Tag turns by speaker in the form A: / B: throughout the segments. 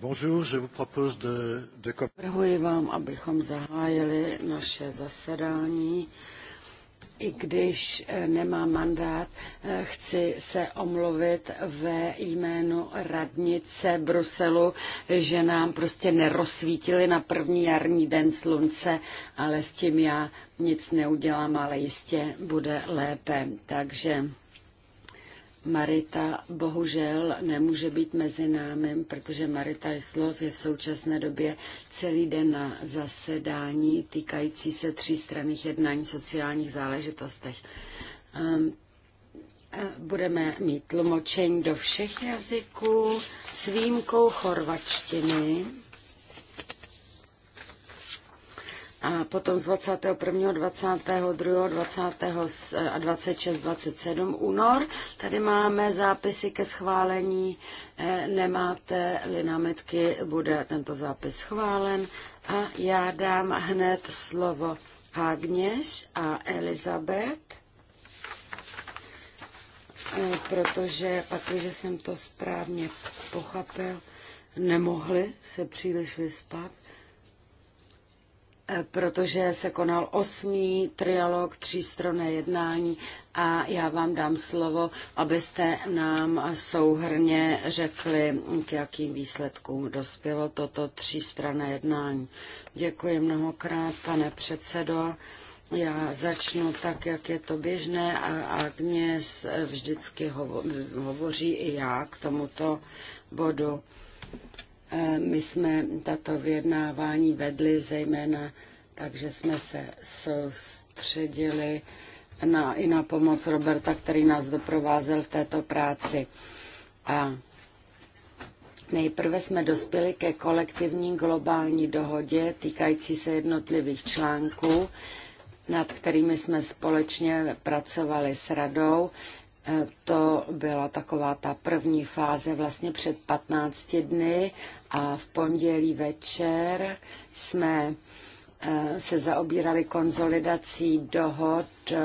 A: Bonjour, Navrhuji vám, abychom zahájili naše zasedání. I když eh, nemá mandát, eh, chci se omluvit ve jménu radnice Bruselu, že nám prostě nerozsvítili na první jarní den slunce, ale s tím já nic neudělám, ale jistě bude lépe. Takže Marita bohužel nemůže být mezi námi, protože Marita Islov je v současné době celý den na zasedání týkající se třístranných jednání sociálních záležitostech. Ehm, budeme mít tlumočení do všech jazyků s výjimkou chorvačtiny. a potom z 21., 22., 20. a 26, 27 únor. Tady máme zápisy ke schválení. E, nemáte-li námitky, bude tento zápis schválen. A já dám hned slovo Agněš a Elizabet, e, protože pak, když jsem to správně pochopil, nemohli se příliš vyspat. Eh, protože se konal osmý trialog, třístronné jednání a já vám dám slovo, abyste nám souhrně řekli, k jakým výsledkům dospělo toto třístranné jednání. Děkuji mnohokrát, pane předsedo. Já začnu tak, jak je to běžné a Agnes vždycky hovoří i já k tomuto bodu. Eh, my jsme tato vyjednávání vedli zejména, takže jsme se soustředili na, i na pomoc Roberta, který nás doprovázel v této práci. A nejprve jsme dospěli ke kolektivní globální dohodě týkající se jednotlivých článků, nad kterými jsme společně pracovali s radou. To byla taková ta první fáze vlastně před 15 dny a v pondělí večer jsme eh, se zaobírali konzolidací dohod eh,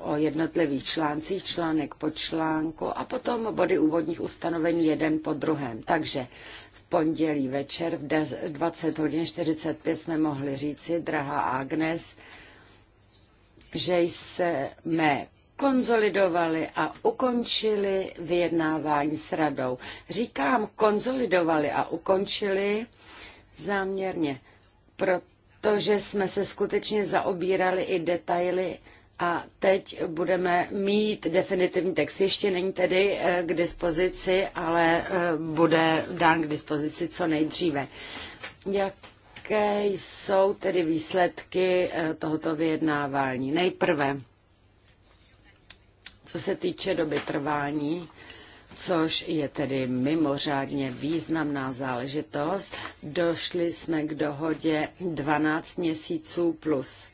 A: o jednotlivých článcích, článek po článku a potom body úvodních ustanovení jeden po druhém. Takže v pondělí večer v 20 hodin 45 jsme mohli říci, drahá Agnes, že jsme konzolidovali a ukončili vyjednávání s radou. Říkám konzolidovali a ukončili záměrně, protože jsme se skutečně zaobírali i detaily a teď budeme mít definitivní text. Ještě není tedy eh, k dispozici, ale eh, bude dán k dispozici co nejdříve. Jaké jsou tedy výsledky eh, tohoto vyjednávání? Nejprve co se týče doby trvání, což je tedy mimořádně významná záležitost, došli jsme k dohodě 12 měsíců plus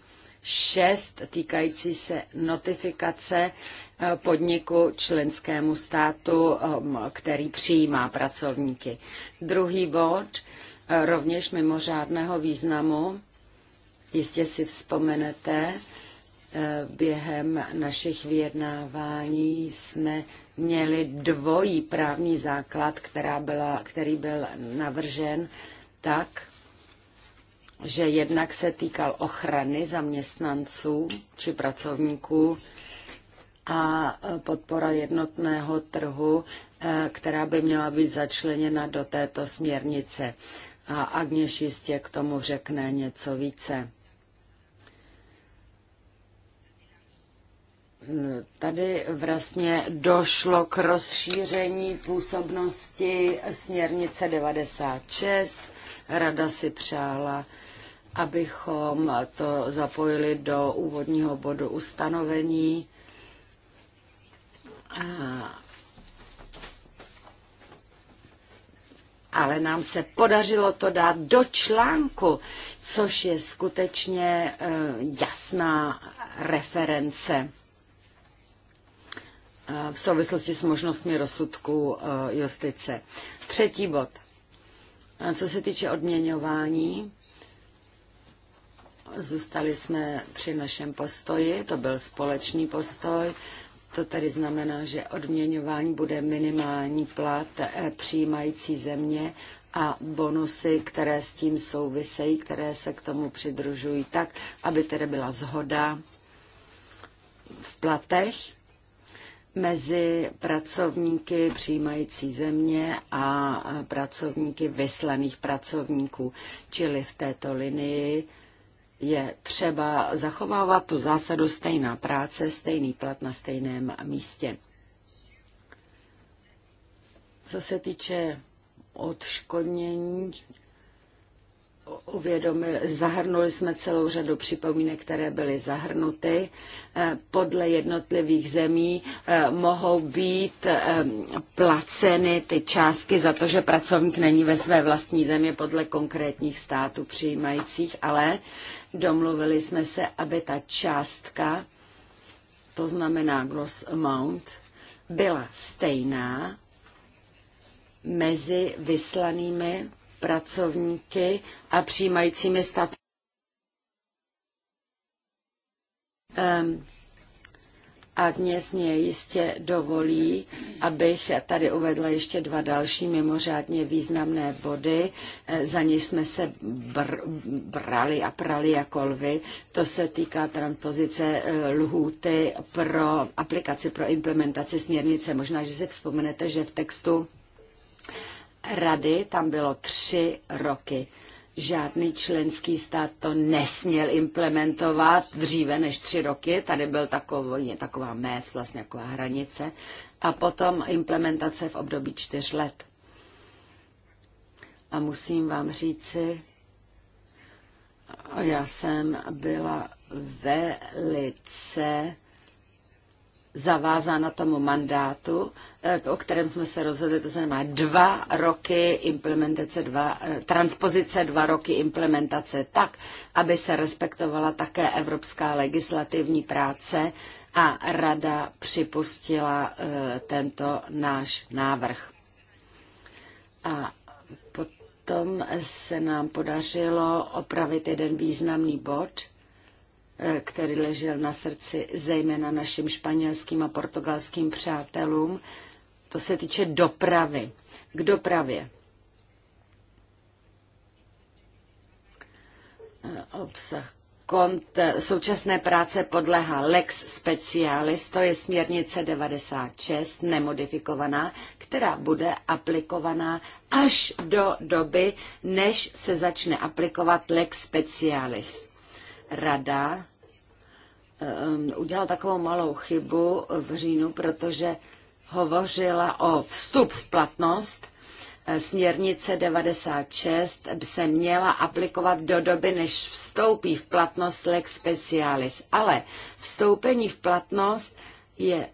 A: 6 týkající se notifikace eh, podniku členskému státu, eh, který přijímá pracovníky. Druhý bod, eh, rovněž mimořádného významu, jistě si vzpomenete, Eh, během našich vyjednávání jsme měli dvojí právní základ, která byla, který byl navržen tak, že jednak se týkal ochrany zaměstnanců či pracovníků a podpora jednotného trhu, eh, která by měla být začleněna do této směrnice. A Agněš jistě k tomu řekne něco více. Tady vlastně došlo k rozšíření působnosti směrnice 96. Rada si přála, abychom to zapojili do úvodního bodu ustanovení. A ale nám se podařilo to dát do článku, což je skutečně eh, jasná reference v souvislosti s možnostmi rozsudku eh, justice. Třetí bod. Co se týče odměňování, zůstali jsme při našem postoji, to byl společný postoj. To tedy znamená, že odměňování bude minimální plat eh, přijímající země a bonusy, které s tím souvisejí, které se k tomu přidružují, tak, aby tedy byla zhoda v platech mezi pracovníky přijímající země a pracovníky vyslaných pracovníků. Čili v této linii je třeba zachovávat tu zásadu stejná práce, stejný plat na stejném místě. Co se týče odškodnění uvědomili, zahrnuli jsme celou řadu připomínek, které byly zahrnuty. Eh, podle jednotlivých zemí eh, mohou být eh, placeny ty částky za to, že pracovník není ve své vlastní zemi podle konkrétních států přijímajících, ale domluvili jsme se, aby ta částka, to znamená gross amount, byla stejná mezi vyslanými pracovníky a přijímajícími Um, A dnes mě jistě dovolí, abych tady uvedla ještě dva další mimořádně významné body, eh, za něž jsme se br- brali a prali jako lvy. To se týká transpozice eh, lhůty pro aplikaci, pro implementaci směrnice. Možná, že si vzpomenete, že v textu rady tam bylo tři roky. Žádný členský stát to nesměl implementovat dříve než tři roky. Tady byl takový, taková mez, vlastně taková hranice. A potom implementace v období čtyř let. A musím vám říci, já jsem byla velice zavázána tomu mandátu, eh, o kterém jsme se rozhodli, to znamená dva roky implementace, dva, eh, transpozice, dva roky implementace tak, aby se respektovala také evropská legislativní práce a rada připustila eh, tento náš návrh. A potom se nám podařilo opravit jeden významný bod – který ležel na srdci zejména našim španělským a portugalským přátelům. To se týče dopravy. K dopravě. Eh, obsah kont současné práce podlehá lex specialis, to je směrnice 96, nemodifikovaná, která bude aplikovaná až do doby, než se začne aplikovat lex specialis rada ehm, udělala takovou malou chybu v říjnu, protože hovořila o vstup v platnost eh, směrnice 96 by se měla aplikovat do doby, než vstoupí v platnost lex specialis. Ale vstoupení v platnost je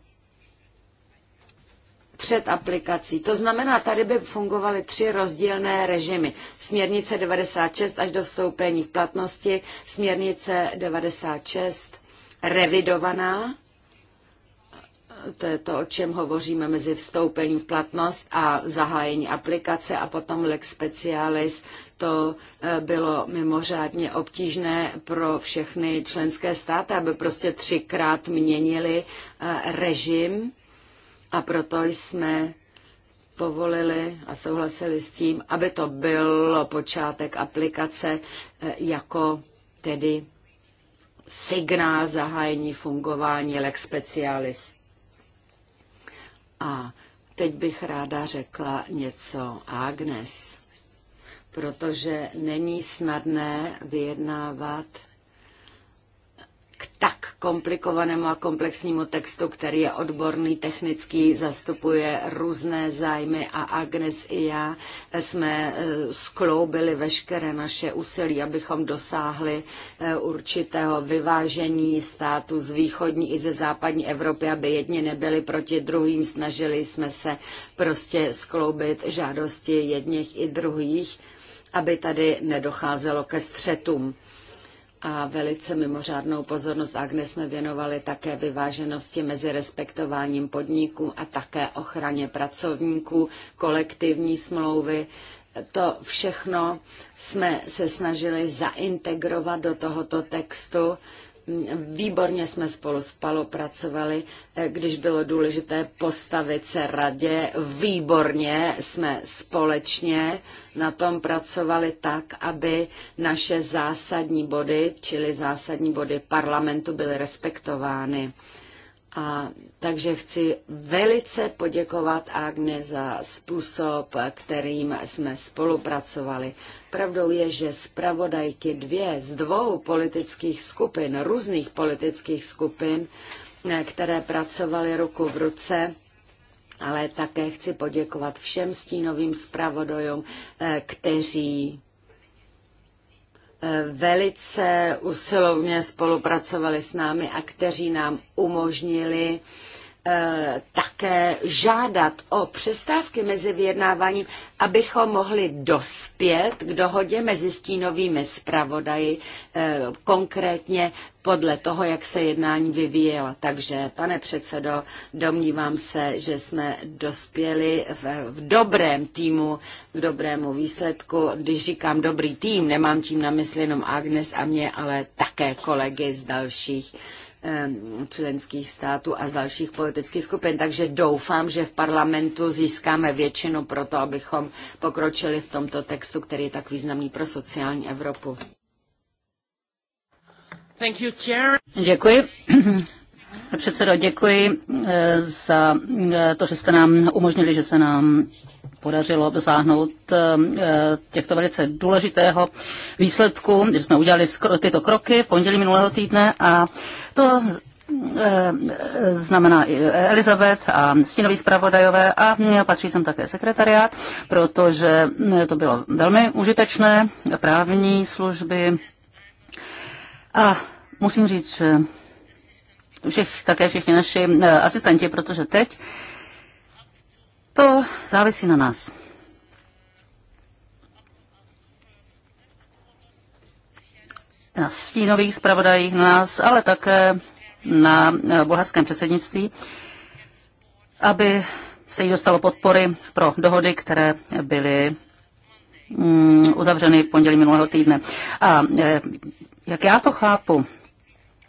A: před aplikací. To znamená, tady by fungovaly tři rozdílné režimy. Směrnice 96 až do vstoupení v platnosti, směrnice 96 revidovaná, to je to, o čem hovoříme mezi vstoupením v platnost a zahájení aplikace a potom lex specialis. To eh, bylo mimořádně obtížné pro všechny členské státy, aby prostě třikrát měnili eh, režim a proto jsme povolili a souhlasili s tím, aby to byl počátek aplikace eh, jako tedy signál zahájení fungování lex specialis. A teď bych ráda řekla něco Agnes, protože není snadné vyjednávat tak komplikovanému a komplexnímu textu, který je odborný, technický, zastupuje různé zájmy a Agnes i já jsme e, skloubili veškeré naše úsilí, abychom dosáhli e, určitého vyvážení státu z východní i ze západní Evropy, aby jedni nebyli proti druhým. Snažili jsme se prostě skloubit žádosti jedněch i druhých, aby tady nedocházelo ke střetům a velice mimořádnou pozornost Agnes jsme věnovali také vyváženosti mezi respektováním podniků a také ochraně pracovníků, kolektivní smlouvy. To všechno jsme se snažili zaintegrovat do tohoto textu Výborně jsme spolu spolupracovali, eh, když bylo důležité postavit se radě. Výborně jsme společně na tom pracovali tak, aby naše zásadní body, čili zásadní body parlamentu, byly respektovány. A takže chci velice poděkovat Agne za způsob, kterým jsme spolupracovali. Pravdou je, že zpravodajky dvě z dvou politických skupin, různých politických skupin, které pracovaly ruku v ruce, ale také chci poděkovat všem stínovým zpravodajům, eh, kteří velice usilovně spolupracovali s námi a kteří nám umožnili Eh, také žádat o přestávky mezi vyjednáváním, abychom mohli dospět k dohodě mezi stínovými zpravodaji, eh, konkrétně podle toho, jak se jednání vyvíjela. Takže, pane předsedo, domnívám se, že jsme dospěli v, v dobrém týmu, k dobrému výsledku. Když říkám dobrý tým, nemám tím na mysli jenom Agnes a mě, ale také kolegy z dalších členských států a z dalších politických skupin. Takže doufám, že v parlamentu získáme většinu pro to, abychom pokročili v tomto textu, který je tak významný pro sociální Evropu. Thank you, chair. Děkuji. Předsedo, děkuji eh, za
B: eh, to, že jste nám umožnili, že se nám podařilo dosáhnout eh, eh, těchto velice důležitého výsledku, že jsme udělali tyto kroky v pondělí minulého týdne a to eh, znamená i Elizabeth a stínový zpravodajové a patří sem také sekretariát, protože to bylo velmi užitečné, právní služby a musím říct, že všech, také všichni naši asistenti, protože teď to závisí na nás. Na stínových zpravodajích na nás, ale také na eh, bulharském předsednictví, aby se jí dostalo podpory pro dohody, které byly mm, uzavřeny v pondělí minulého týdne. A eh, jak já to chápu,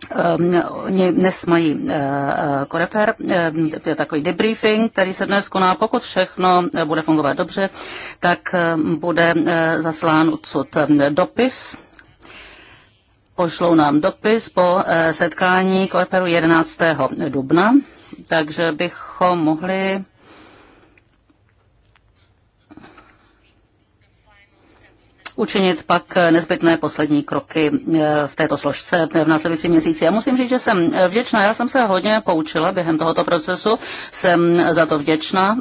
B: Ehm, oni dnes mají eh, eh, koreper, ehm, takový debriefing, který se dnes koná. Pokud všechno eh, bude fungovat dobře, tak ehm, bude zaslán odsud dopis pošlou nám dopis po setkání Korperu 11. dubna, takže bychom mohli učinit pak nezbytné poslední kroky eh, v této složce eh, v následujícím měsíci. Já musím říct, že jsem eh, vděčná. Já jsem se hodně poučila během tohoto procesu. Jsem za to vděčná.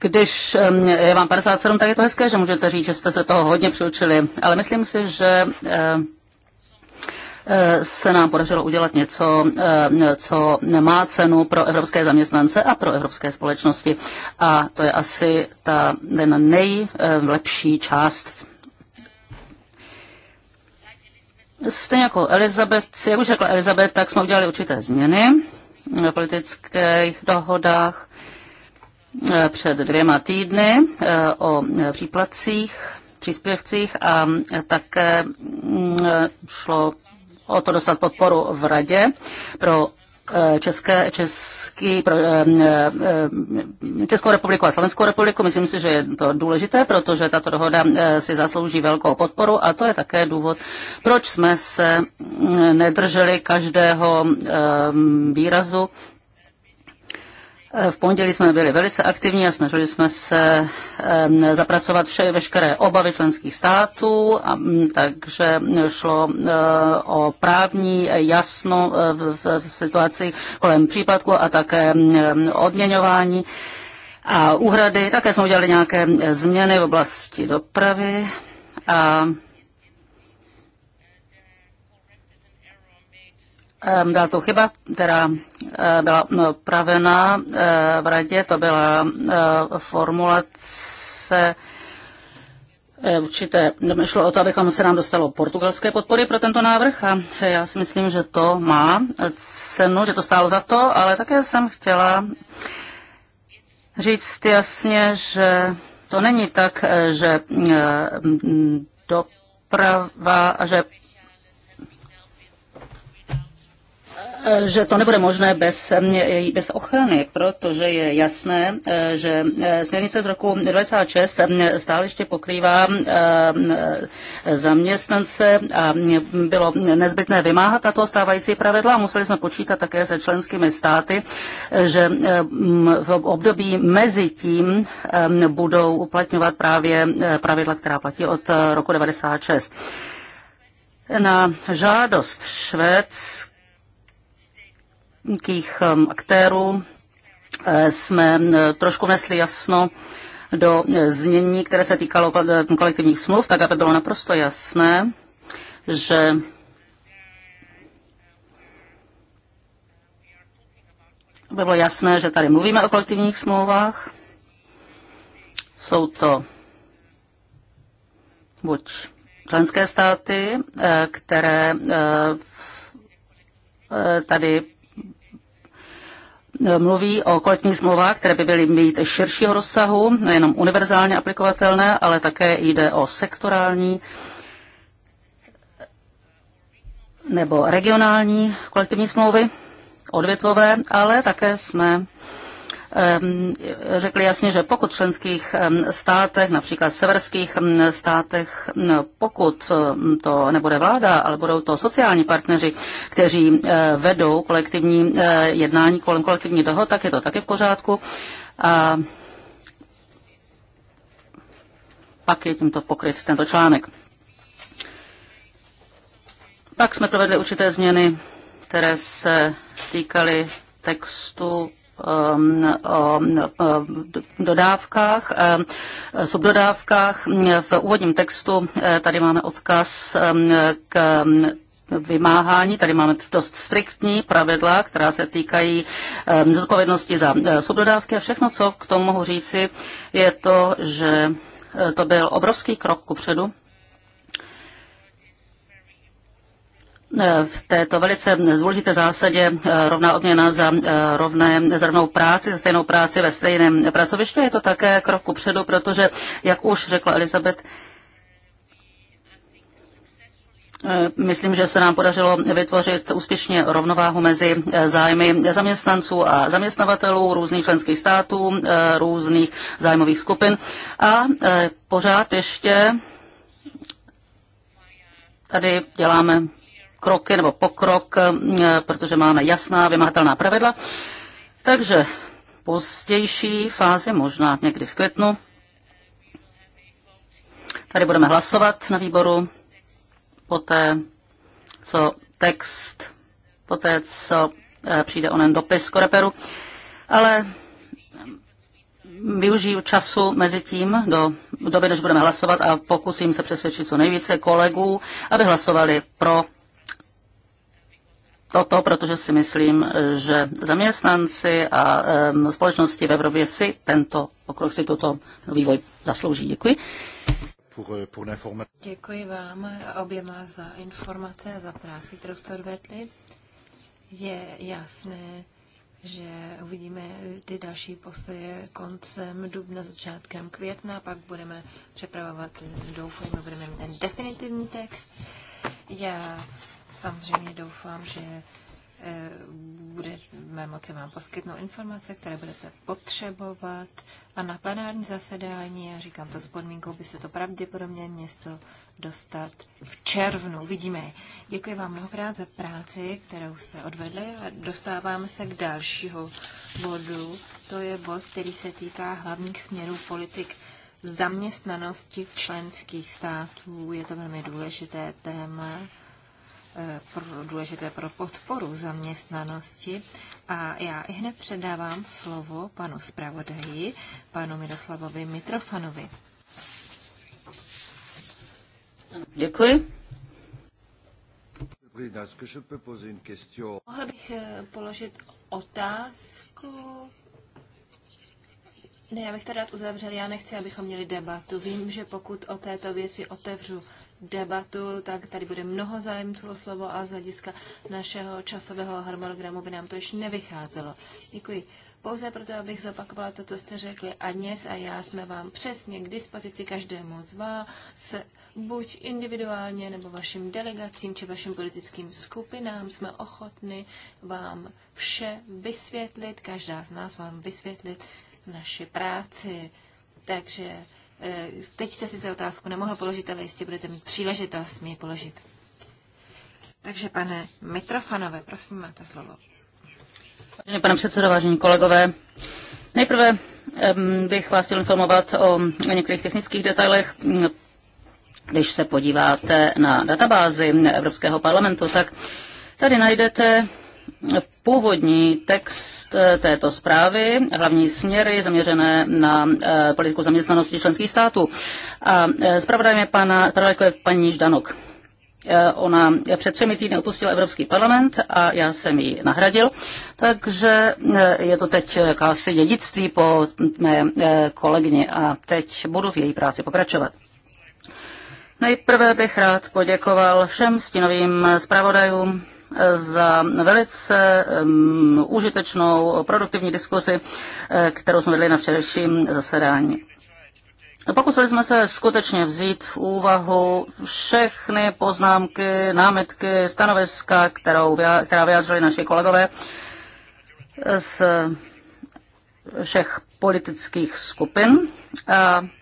B: Když je vám 57, tak je to hezké, že můžete říct, že jste se toho hodně přiučili, ale myslím si, že Eh, se nám podařilo udělat něco, eh, co má cenu pro evropské zaměstnance a pro evropské společnosti. A to je asi ta, ten nejlepší část Stejně jako Elizabeth, jak už řekla Elizabeth, tak jsme udělali určité změny v politických dohodách eh, před dvěma týdny o příplacích, příspěvcích a také mm, šlo o to dostat podporu v radě pro eh, České, Český, pro, eh, eh, Českou republiku a Slovenskou republiku. Myslím si, že je to důležité, protože tato dohoda si zaslouží velkou podporu a to je také důvod, proč jsme se mm, nedrželi každého výrazu Eh, v pondělí jsme byli velice aktivní a snažili jsme se zapracovat vše, veškeré obavy členských států, a, mm, takže šlo eh, o právní jasno eh, v, v, v situaci kolem případku a také mm, odměňování a úhrady. Také jsme udělali nějaké změny v oblasti dopravy a byla to chyba, která Eh, byla no, pravena eh, v radě, to byla eh, formulace určité, šlo o to, abychom se nám dostalo portugalské podpory pro tento návrh a já si myslím, že to má cenu, že to stálo za to, ale také jsem chtěla říct jasně, že to není tak, že doprava, že že to nebude možné bez, eh, bez ochrany, protože je jasné, eh, že eh, směrnice z roku 1996 stále ještě pokrývá zaměstnance a bylo nezbytné vymáhat tato stávající pravidla a museli jsme počítat také se členskými státy, že v období mezi tím budou uplatňovat právě pravidla, která platí od roku 1996. Na žádost Švédska velkých um, aktérů eh, jsme eh, trošku nesli jasno do eh, znění, které se týkalo kolektivních smluv, tak aby bylo naprosto jasné, že aby bylo jasné, že tady mluvíme o kolektivních smlouvách. Jsou to buď členské státy, které tady E, mluví o kolektivních smlouvách, které by byly mít širšího rozsahu, nejenom univerzálně aplikovatelné, ale také jde o sektorální nebo regionální kolektivní smlouvy, odvětvové, ale také jsme Ehm, řekli jasně, že pokud v členských ehm, státech, například v severských ehm, státech, pokud to nebude vláda, ale budou to sociální partneři, kteří eh, vedou kolektivní eh, jednání kolem kolektivní dohod, tak je to taky v pořádku. A pak je tímto pokryt tento článek. Pak jsme provedli určité změny, které se týkaly textu Um, dodávkách, um, subdodávkách. V úvodním textu uh, tady máme odkaz um, k vymáhání. Tady máme dost striktní pravidla, která se týkají zodpovědnosti za uh, subdodávky a všechno, co k tomu mohu říci, je to, že uh, to byl obrovský krok kupředu Eh, v této velice důležité zásadě eh, rovná odměna za, eh, rovné, za rovnou práci, za stejnou práci ve stejném pracovišti. Je to také krok předu, protože, jak už řekla Elizabeth, Myslím, že se nám podařilo vytvořit úspěšně rovnováhu mezi zájmy zaměstnanců a zaměstnavatelů různých členských států, různých zájmových skupin a pořád ještě tady děláme kroky nebo pokrok, mm, eh, protože máme jasná vymahatelná pravidla. Takže pozdější fázi, možná někdy v květnu, tady budeme hlasovat na výboru poté, co text, poté, co eh, přijde onen dopis Koreperu. Ale využiju času mezi tím do doby, než budeme hlasovat a pokusím se přesvědčit co nejvíce kolegů, aby hlasovali pro toto, protože si myslím, že zaměstnanci a společnosti v Evropě si tento pokrok, si tuto vývoj zaslouží. Děkuji. Euh,
C: Děkuji vám oběma za informace a za práci, kterou jste odvedli. Je jasné, že uvidíme ty další postoje koncem dubna, začátkem května, pak budeme přepravovat, doufám, budeme mít ten definitivní text. Já samozřejmě doufám, že eh, budeme moci vám poskytnout informace, které budete potřebovat. A na plenární zasedání, já říkám to s podmínkou, by se to pravděpodobně město dostat v červnu. Vidíme. Děkuji vám mnohokrát za práci, kterou jste odvedli a dostáváme se k dalšího bodu. To je bod, který se týká hlavních směrů politik zaměstnanosti členských států. Je to velmi důležité téma důležité pro podporu zaměstnanosti. A já i hned předávám slovo panu zpravodaji, panu Miroslavovi Mitrofanovi. Děkuji. Mohl bych eh, položit otázku? Ne, já bych to rád uzavřel. Já nechci, abychom měli debatu. Vím, že pokud o této věci otevřu debatu, tak tady bude mnoho zájemců o slovo a z hlediska našeho časového harmonogramu by nám to ještě nevycházelo. Děkuji. Pouze proto, abych zopakovala to, co jste řekli. A dnes a já jsme vám přesně k dispozici každému z vás, buď individuálně, nebo vašim delegacím, či vašim politickým skupinám. Jsme ochotni vám vše vysvětlit, každá z nás vám vysvětlit naši práci. Takže Eh, teď jste si otázku nemohl položit, ale jistě budete mít příležitost mi ji položit. Takže pane Mitrofanové, prosím, máte slovo.
B: Vážený pane předsedo, vážení kolegové, nejprve bych vás chtěl informovat o některých technických detailech. Když se podíváte na databázi Evropského parlamentu, tak tady najdete Původní text eh, této zprávy, hlavní směry zaměřené na eh, politiku zaměstnanosti členských států. A eh, zpravodajem je pana, je paní Ždanok. Ona před třemi týdny opustila Evropský parlament a já jsem ji nahradil, takže je to teď jakási dědictví po mé kolegyni a teď budu v její práci pokračovat. Nejprve bych rád poděkoval všem stínovým zpravodajům, za velice um, užitečnou produktivní diskusi, eh, kterou jsme vedli na včerejším zasedání. Pokusili jsme se skutečně vzít v úvahu všechny poznámky, námitky, stanoviska, kterou, která vyjádřili naši kolegové z všech politických skupin.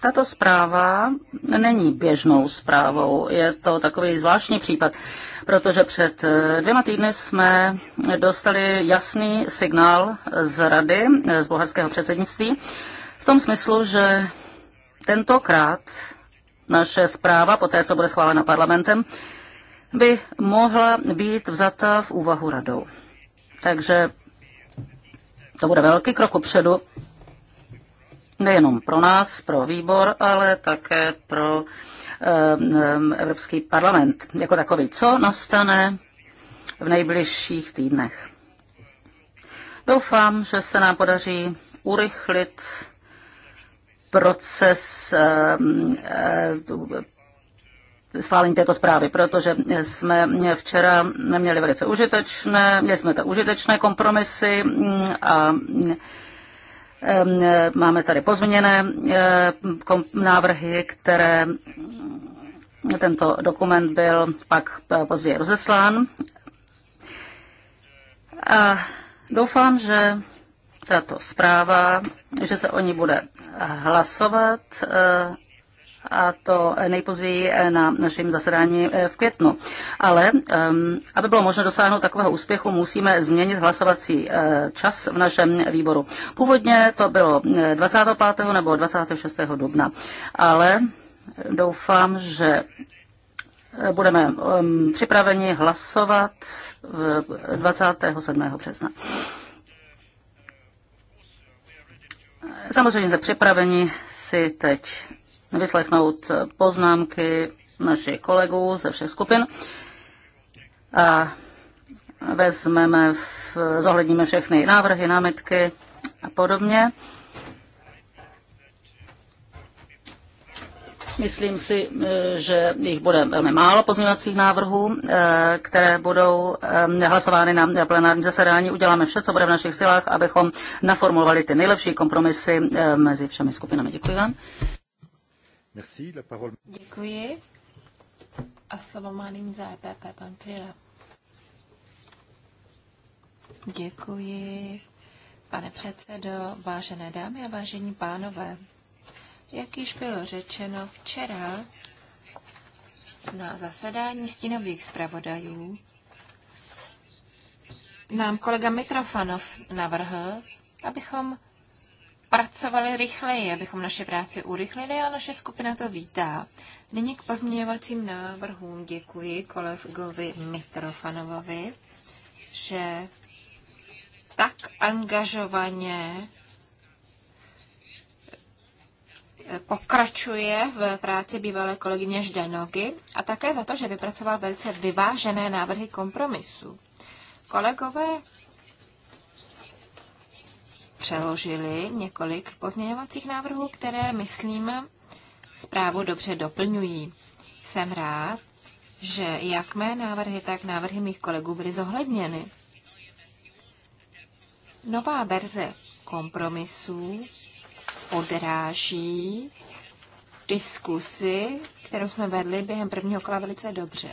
B: Tato zpráva není běžnou zprávou, je to takový zvláštní případ, protože před eh, dvěma týdny jsme dostali jasný signál z Rady, eh, z bulharského předsednictví, v tom smyslu, že tentokrát naše zpráva, po té, co bude schválena parlamentem, by mohla být vzata v úvahu radou. Takže to bude velký krok upředu, nejenom pro nás, pro výbor, ale také pro eh, eh, Evropský parlament jako takový. Co nastane v nejbližších týdnech? Doufám, že se nám podaří urychlit proces eh, schválení této zprávy, protože jsme včera neměli velice užitečné, měli jsme to užitečné kompromisy mm, a mm, e, máme tady pozměněné e, návrhy, které mm, tento dokument byl pak e, později rozeslán. A doufám, že tato zpráva, že se o ní bude hlasovat a to nejpozději eh, na našem zasedání eh, v květnu. Ale ehm, aby bylo možné dosáhnout takového úspěchu, musíme změnit hlasovací eh, čas v našem výboru. Původně to bylo 25. nebo 26. dubna, ale doufám, že budeme ehm, připraveni hlasovat 27. března. Samozřejmě jsme připraveni si teď vyslechnout eh, poznámky našich kolegů ze všech skupin a vezmeme, v, zohledníme všechny návrhy, námitky a podobně. Myslím si, eh, že jich bude velmi málo pozměňovacích návrhů, eh, které budou hlasovány na plenárním zasedání. Uděláme vše, co bude v našich silách, abychom naformulovali ty nejlepší kompromisy mezi všemi skupinami. Děkuji vám.
C: Merci, la parole... Děkuji. A slovo má nyní za EPP pan Kryla. Děkuji, pane předsedo, vážené dámy a vážení pánové. Jak již bylo řečeno včera na zasedání stínových zpravodajů, nám kolega Mitrofanov navrhl, abychom pracovali rychleji, abychom naše práci urychlili a naše skupina to vítá. Nyní k pozměňovacím návrhům děkuji kolegovi Mitrofanovovi, že tak angažovaně eh, pokračuje v práci bývalé kolegyně Ždenogy a také za to, že vypracoval velice vyvážené návrhy kompromisu. Kolegové přeložili několik pozměňovacích návrhů, které, myslím, zprávu dobře doplňují. Jsem rád, že jak mé návrhy, tak návrhy mých kolegů byly zohledněny. Nová verze kompromisů odráží diskusy, kterou jsme vedli během prvního kola velice dobře.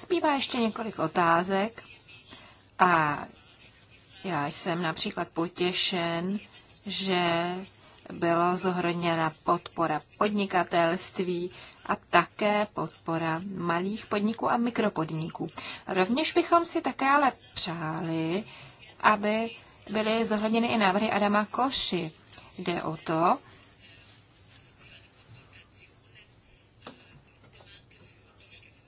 C: Zbývá ještě několik otázek a já jsem například potěšen, že byla zohrodněna podpora podnikatelství a také podpora malých podniků a mikropodniků. Rovněž bychom si také ale přáli, aby byly zohledněny i návrhy Adama Koši. Jde o to,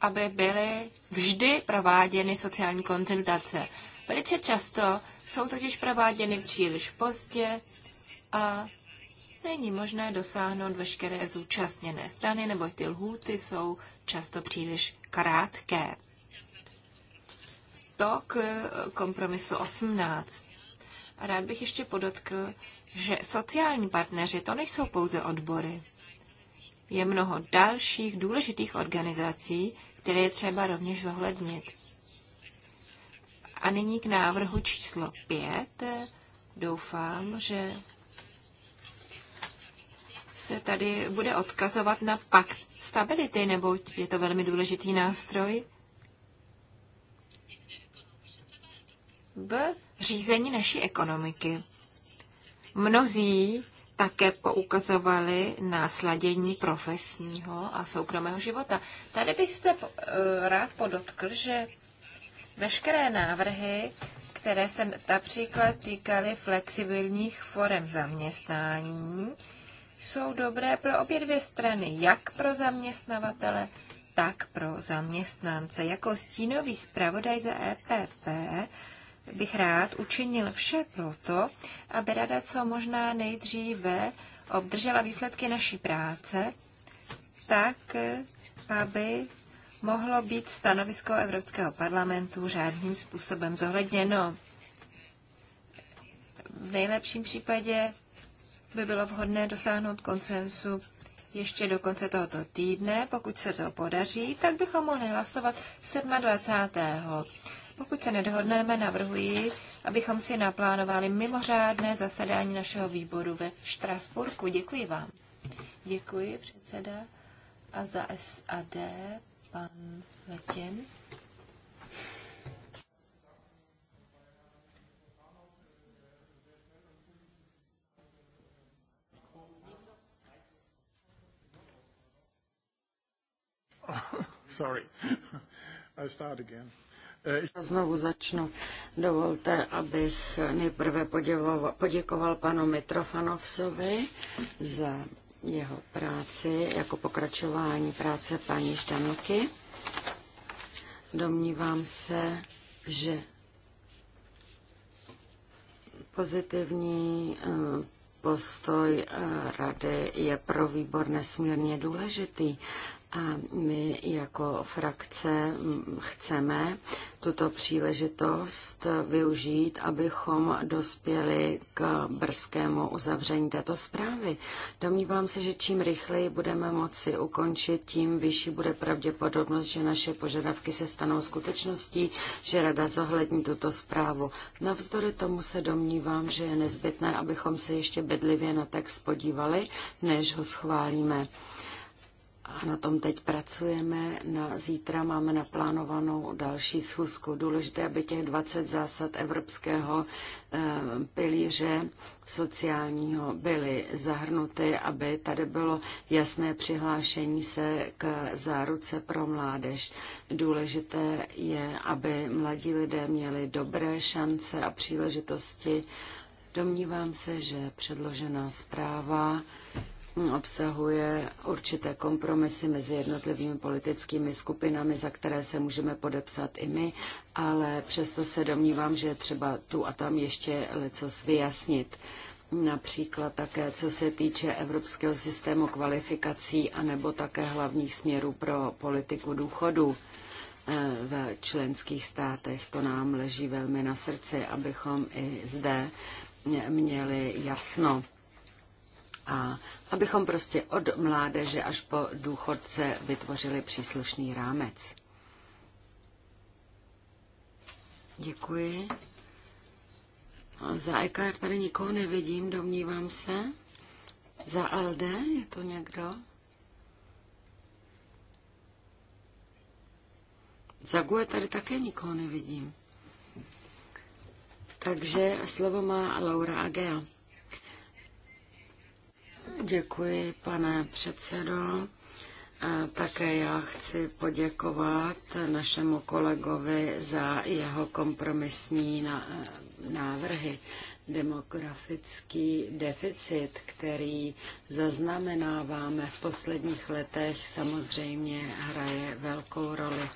C: aby byly vždy prováděny sociální konzultace. Velice často jsou totiž prováděny příliš pozdě a není možné dosáhnout veškeré zúčastněné strany, nebo ty lhůty jsou často příliš krátké. To k eh, kompromisu 18. A rád bych ještě podotkl, že sociální partneři to nejsou pouze odbory. Je mnoho dalších důležitých organizací, které je třeba rovněž zohlednit. A nyní k návrhu číslo 5. Doufám, že se tady bude odkazovat na pakt stability, neboť je to velmi důležitý nástroj v řízení naší ekonomiky. Mnozí také poukazovali na sladění profesního a soukromého života. Tady bych se eh, rád podotkl, že Veškeré návrhy, které se například týkaly flexibilních forem zaměstnání, jsou dobré pro obě dvě strany, jak pro zaměstnavatele, tak pro zaměstnance. Jako stínový zpravodaj za EPP bych rád učinil vše proto, aby rada co možná nejdříve obdržela výsledky naší práce, tak aby mohlo být stanovisko Evropského parlamentu řádným způsobem zohledněno. V nejlepším případě by bylo vhodné dosáhnout konsensu ještě do konce tohoto týdne. Pokud se to podaří, tak bychom mohli hlasovat 27. Pokud se nedohodneme, navrhuji, abychom si naplánovali mimořádné zasedání našeho výboru ve Štrasburku. Děkuji vám. Děkuji, předseda. A za SAD Pan Letěn. Sorry.
A: I start again. Uh, Znovu začnu. Dovolte, abych nejprve poděkoval panu Mitrofanovsovi za jeho práci jako pokračování práce paní Štanoky. Domnívám se, že pozitivní eh, postoj eh, rady je pro výbor nesmírně důležitý, a my jako frakce chceme tuto příležitost využít, abychom dospěli k brzkému uzavření této zprávy. Domnívám se, že čím rychleji budeme moci ukončit, tím vyšší bude pravděpodobnost, že naše požadavky se stanou skutečností, že Rada zohlední tuto zprávu. Navzdory tomu se domnívám, že je nezbytné, abychom se ještě bedlivě na text podívali, než ho schválíme. A na tom teď pracujeme. Na zítra máme naplánovanou další schůzku. Důležité, aby těch 20 zásad evropského eh, pilíře sociálního byly zahrnuty, aby tady bylo jasné přihlášení se k záruce pro mládež. Důležité je, aby mladí lidé měli dobré šance a příležitosti. Domnívám se, že předložená zpráva obsahuje určité kompromisy mezi jednotlivými politickými skupinami, za které se můžeme podepsat i my, ale přesto se domnívám, že je třeba tu a tam ještě lecos vyjasnit. Například také, co se týče evropského systému kvalifikací anebo také hlavních směrů pro politiku důchodu eh, v členských státech. To nám leží velmi na srdci, abychom i zde měli jasno a abychom prostě od mládeže až po důchodce vytvořili příslušný rámec. Děkuji. Za EKR tady nikoho nevidím, domnívám se. Za LD je to někdo? Za GUE tady také nikoho nevidím. Takže slovo má Laura Agea. Děkuji, pane předsedo. Také já chci poděkovat našemu kolegovi za jeho kompromisní návrhy. Demografický deficit, který zaznamenáváme v posledních letech, samozřejmě hraje velkou roli.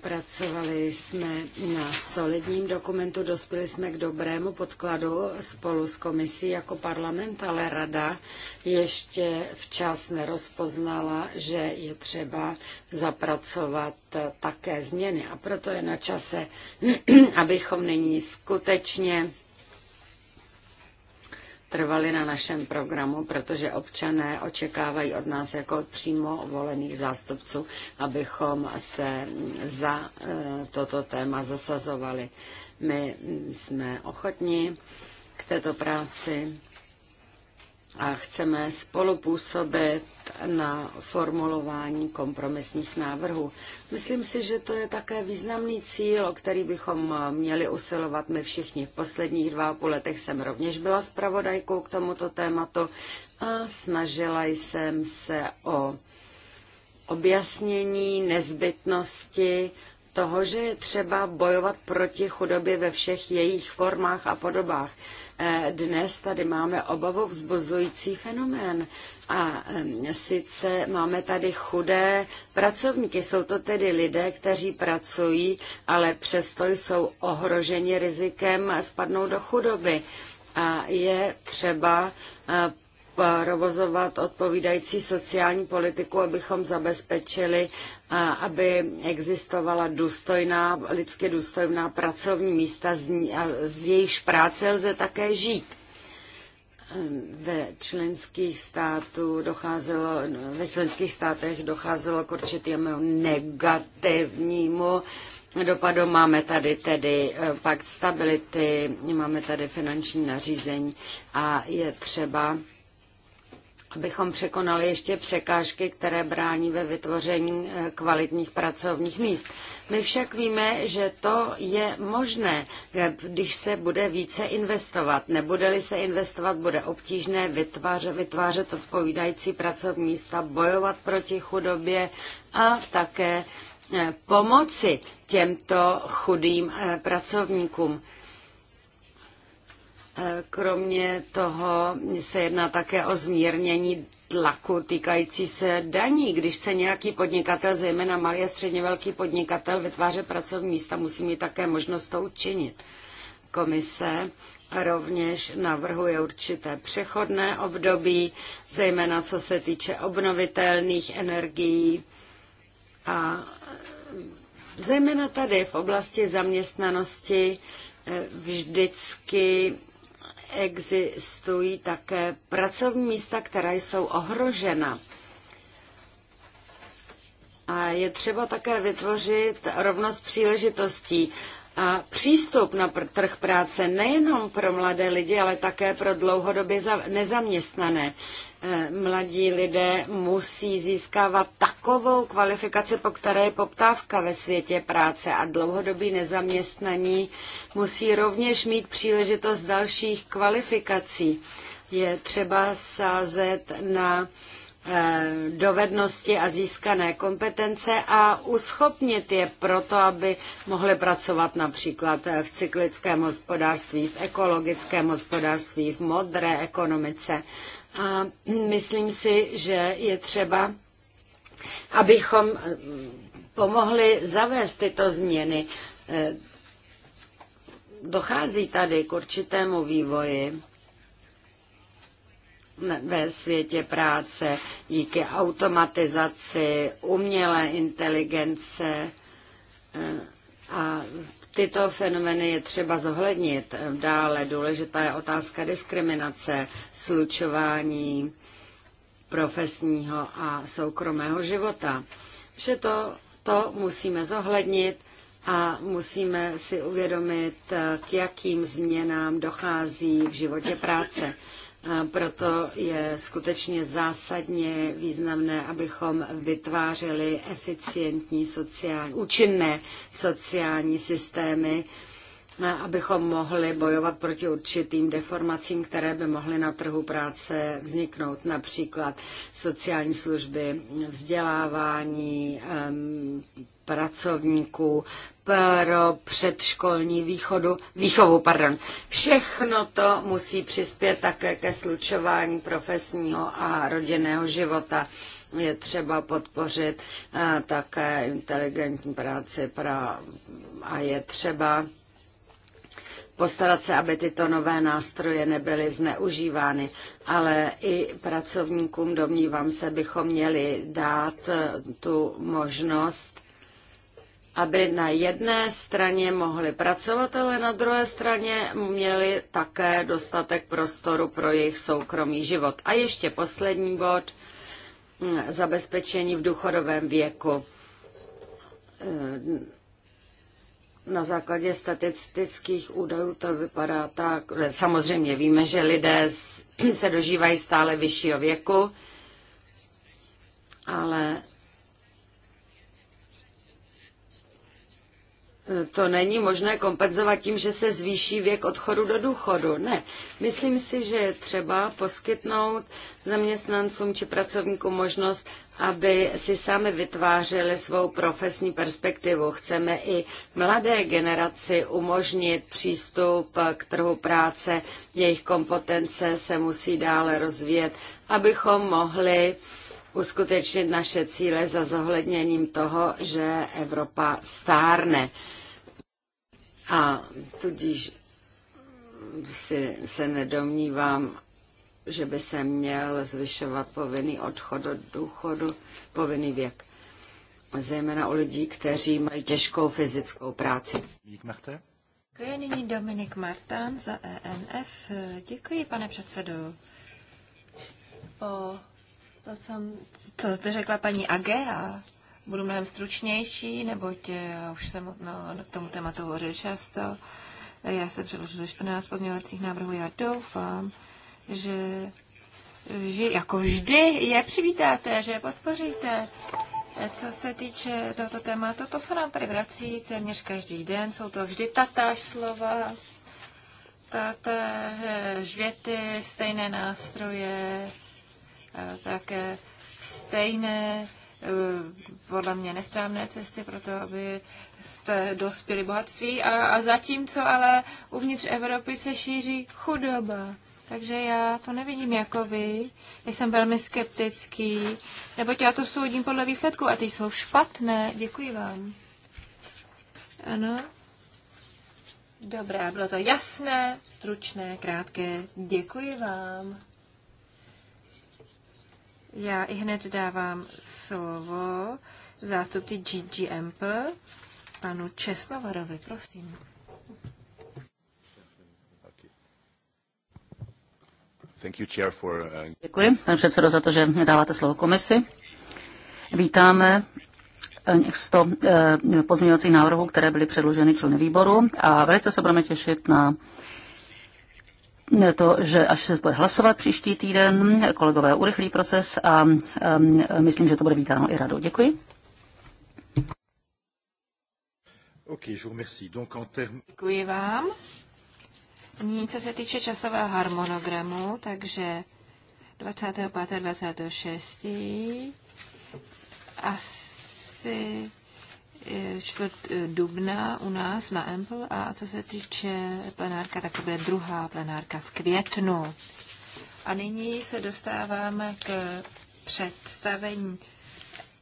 A: Pracovali jsme na solidním dokumentu, dospěli jsme k dobrému podkladu spolu s komisí jako parlament, ale rada ještě včas nerozpoznala, že je třeba zapracovat také změny. A proto je na čase, abychom nyní skutečně trvali na našem programu, protože občané očekávají od nás jako od přímo volených zástupců, abychom se za eh, toto téma zasazovali. My jsme ochotní k této práci a chceme spolupůsobit na formulování kompromisních návrhů. Myslím si, že to je také významný cíl, o který bychom měli usilovat my všichni. V posledních dva a půl letech jsem rovněž byla zpravodajkou k tomuto tématu a snažila jsem se o objasnění nezbytnosti toho, že je třeba bojovat proti chudobě ve všech jejich formách a podobách. Eh, dnes tady máme obavu vzbuzující fenomén. A sice máme tady chudé pracovníky. Jsou to tedy lidé, kteří pracují, ale přesto jsou ohroženi rizikem spadnout do chudoby. A je třeba eh, provozovat odpovídající sociální politiku, abychom zabezpečili, aby existovala důstojná, lidsky důstojná pracovní místa, z, ní, a z jejichž práce lze také žít. Ve členských státu docházelo, ve členských státech docházelo k určitému negativnímu dopadu. Máme tady tedy e, pakt stability, máme tady finanční nařízení a je třeba abychom překonali ještě překážky, které brání ve vytvoření eh, kvalitních pracovních míst. My však víme, že to je možné, eh, když se bude více investovat. Nebude-li se investovat, bude obtížné vytvářet, vytvářet odpovídající pracovní místa, bojovat proti chudobě a také eh, pomoci těmto chudým pracovníkům. E, kromě toho se jedná také o zmírnění tlaku týkající se daní. Když se nějaký podnikatel, zejména malý a středně velký podnikatel, vytváře pracovní místa, musí mít také možnost to učinit. Komise rovněž navrhuje určité přechodné období, zejména co se týče obnovitelných energií a zejména tady v oblasti zaměstnanosti e, vždycky existují také pracovní místa, která jsou ohrožena. A je třeba také vytvořit rovnost příležitostí a přístup na trh práce nejenom pro mladé lidi, ale také pro dlouhodobě nezaměstnané. Eh, mladí lidé musí získávat takovou kvalifikaci, po které je poptávka ve světě práce a dlouhodobí nezaměstnaní musí rovněž mít příležitost dalších kvalifikací. Je třeba sázet na Eh, dovednosti a získané kompetence a uschopnit je proto, aby mohli pracovat například eh, v cyklickém hospodářství, v ekologickém hospodářství, v modré ekonomice. A myslím si, že je třeba, abychom eh, pomohli zavést tyto změny. Dochází tady k určitému vývoji ve světě práce díky automatizaci, umělé inteligence eh, a tyto fenomény je třeba zohlednit. Dále důležitá je otázka diskriminace, slučování profesního a soukromého života. Vše to, to musíme zohlednit a musíme si uvědomit, k jakým změnám dochází v životě práce. Proto je skutečně zásadně významné, abychom vytvářeli eficientní sociální, účinné sociální systémy, abychom mohli bojovat proti určitým deformacím, které by mohly na trhu práce vzniknout, například sociální služby, vzdělávání pracovníků, pro předškolní východu, výchovu. Pardon. Všechno to musí přispět také ke slučování profesního a rodinného života. Je třeba podpořit eh, také inteligentní práci pra, a je třeba postarat se, aby tyto nové nástroje nebyly zneužívány, ale i pracovníkům, domnívám se, bychom měli dát eh, tu možnost, aby na jedné straně mohli pracovat, ale na druhé straně měli také dostatek prostoru pro jejich soukromý život. A ještě poslední bod, hm, zabezpečení v důchodovém věku eh, na základě statistických údajů to vypadá tak. Samozřejmě víme, že lidé se dožívají stále vyššího věku, ale to není možné kompenzovat tím, že se zvýší věk odchodu do důchodu. Ne. Myslím si, že je třeba poskytnout zaměstnancům či pracovníkům možnost, aby si sami vytvářeli svou profesní perspektivu. Chceme i mladé generaci umožnit přístup k trhu práce, jejich kompetence se musí dále rozvíjet, abychom mohli uskutečnit naše cíle za zohledněním toho, že Evropa stárne. A tudíž si, se nedomnívám, že by se měl zvyšovat povinný odchod do důchodu, povinný věk. Zejména u lidí, kteří mají těžkou fyzickou práci. Děkuji
C: nyní Dominik Martán za ENF. Děkuji, pane předsedo. Po to, co, co zde řekla paní a budu mnohem stručnější, neboť já eh, už jsem no, k tomu tématu hovořil často. Já jsem předložil 14 pozměňovacích návrhů. Já doufám, že, že jako vždy je přivítáte, že je podpoříte. Eh, co se týče tohoto tématu, to se nám tady vrací téměř každý den. Jsou to vždy tatáž slova, tatáž eh, věty, stejné nástroje, Eh, také stejné, eh, podle mě nesprávné cesty pro to, aby jste dospěli bohatství. A, a zatímco ale uvnitř Evropy se šíří chudoba. Takže já to nevidím jako vy. Já jsem velmi skeptický, neboť já to soudím podle výsledků a ty jsou špatné. Děkuji vám. Ano. Dobrá, bylo to jasné, stručné, krátké. Děkuji vám. Já i hned dávám slovo zástupci GG Ample, panu Česnovarovi, prosím.
B: Uh, Děkuji, pane předsedo, za to, že dáváte slovo komisi. Vítáme těch eh, 100 eh, pozměňovacích návrhů, které byly předloženy členy výboru a velice se budeme těšit na to, že až se bude hlasovat příští týden, kolegové urychlí proces a myslím, že to bude vítáno i radou. Děkuji.
C: Okay, term... Děkuji vám. Nyní, co se týče časového harmonogramu, takže 25. 26. asi čtvrt eh, dubna u nás na Empl a co se týče plenárka, tak to bude druhá plenárka v květnu. A nyní se dostáváme k představení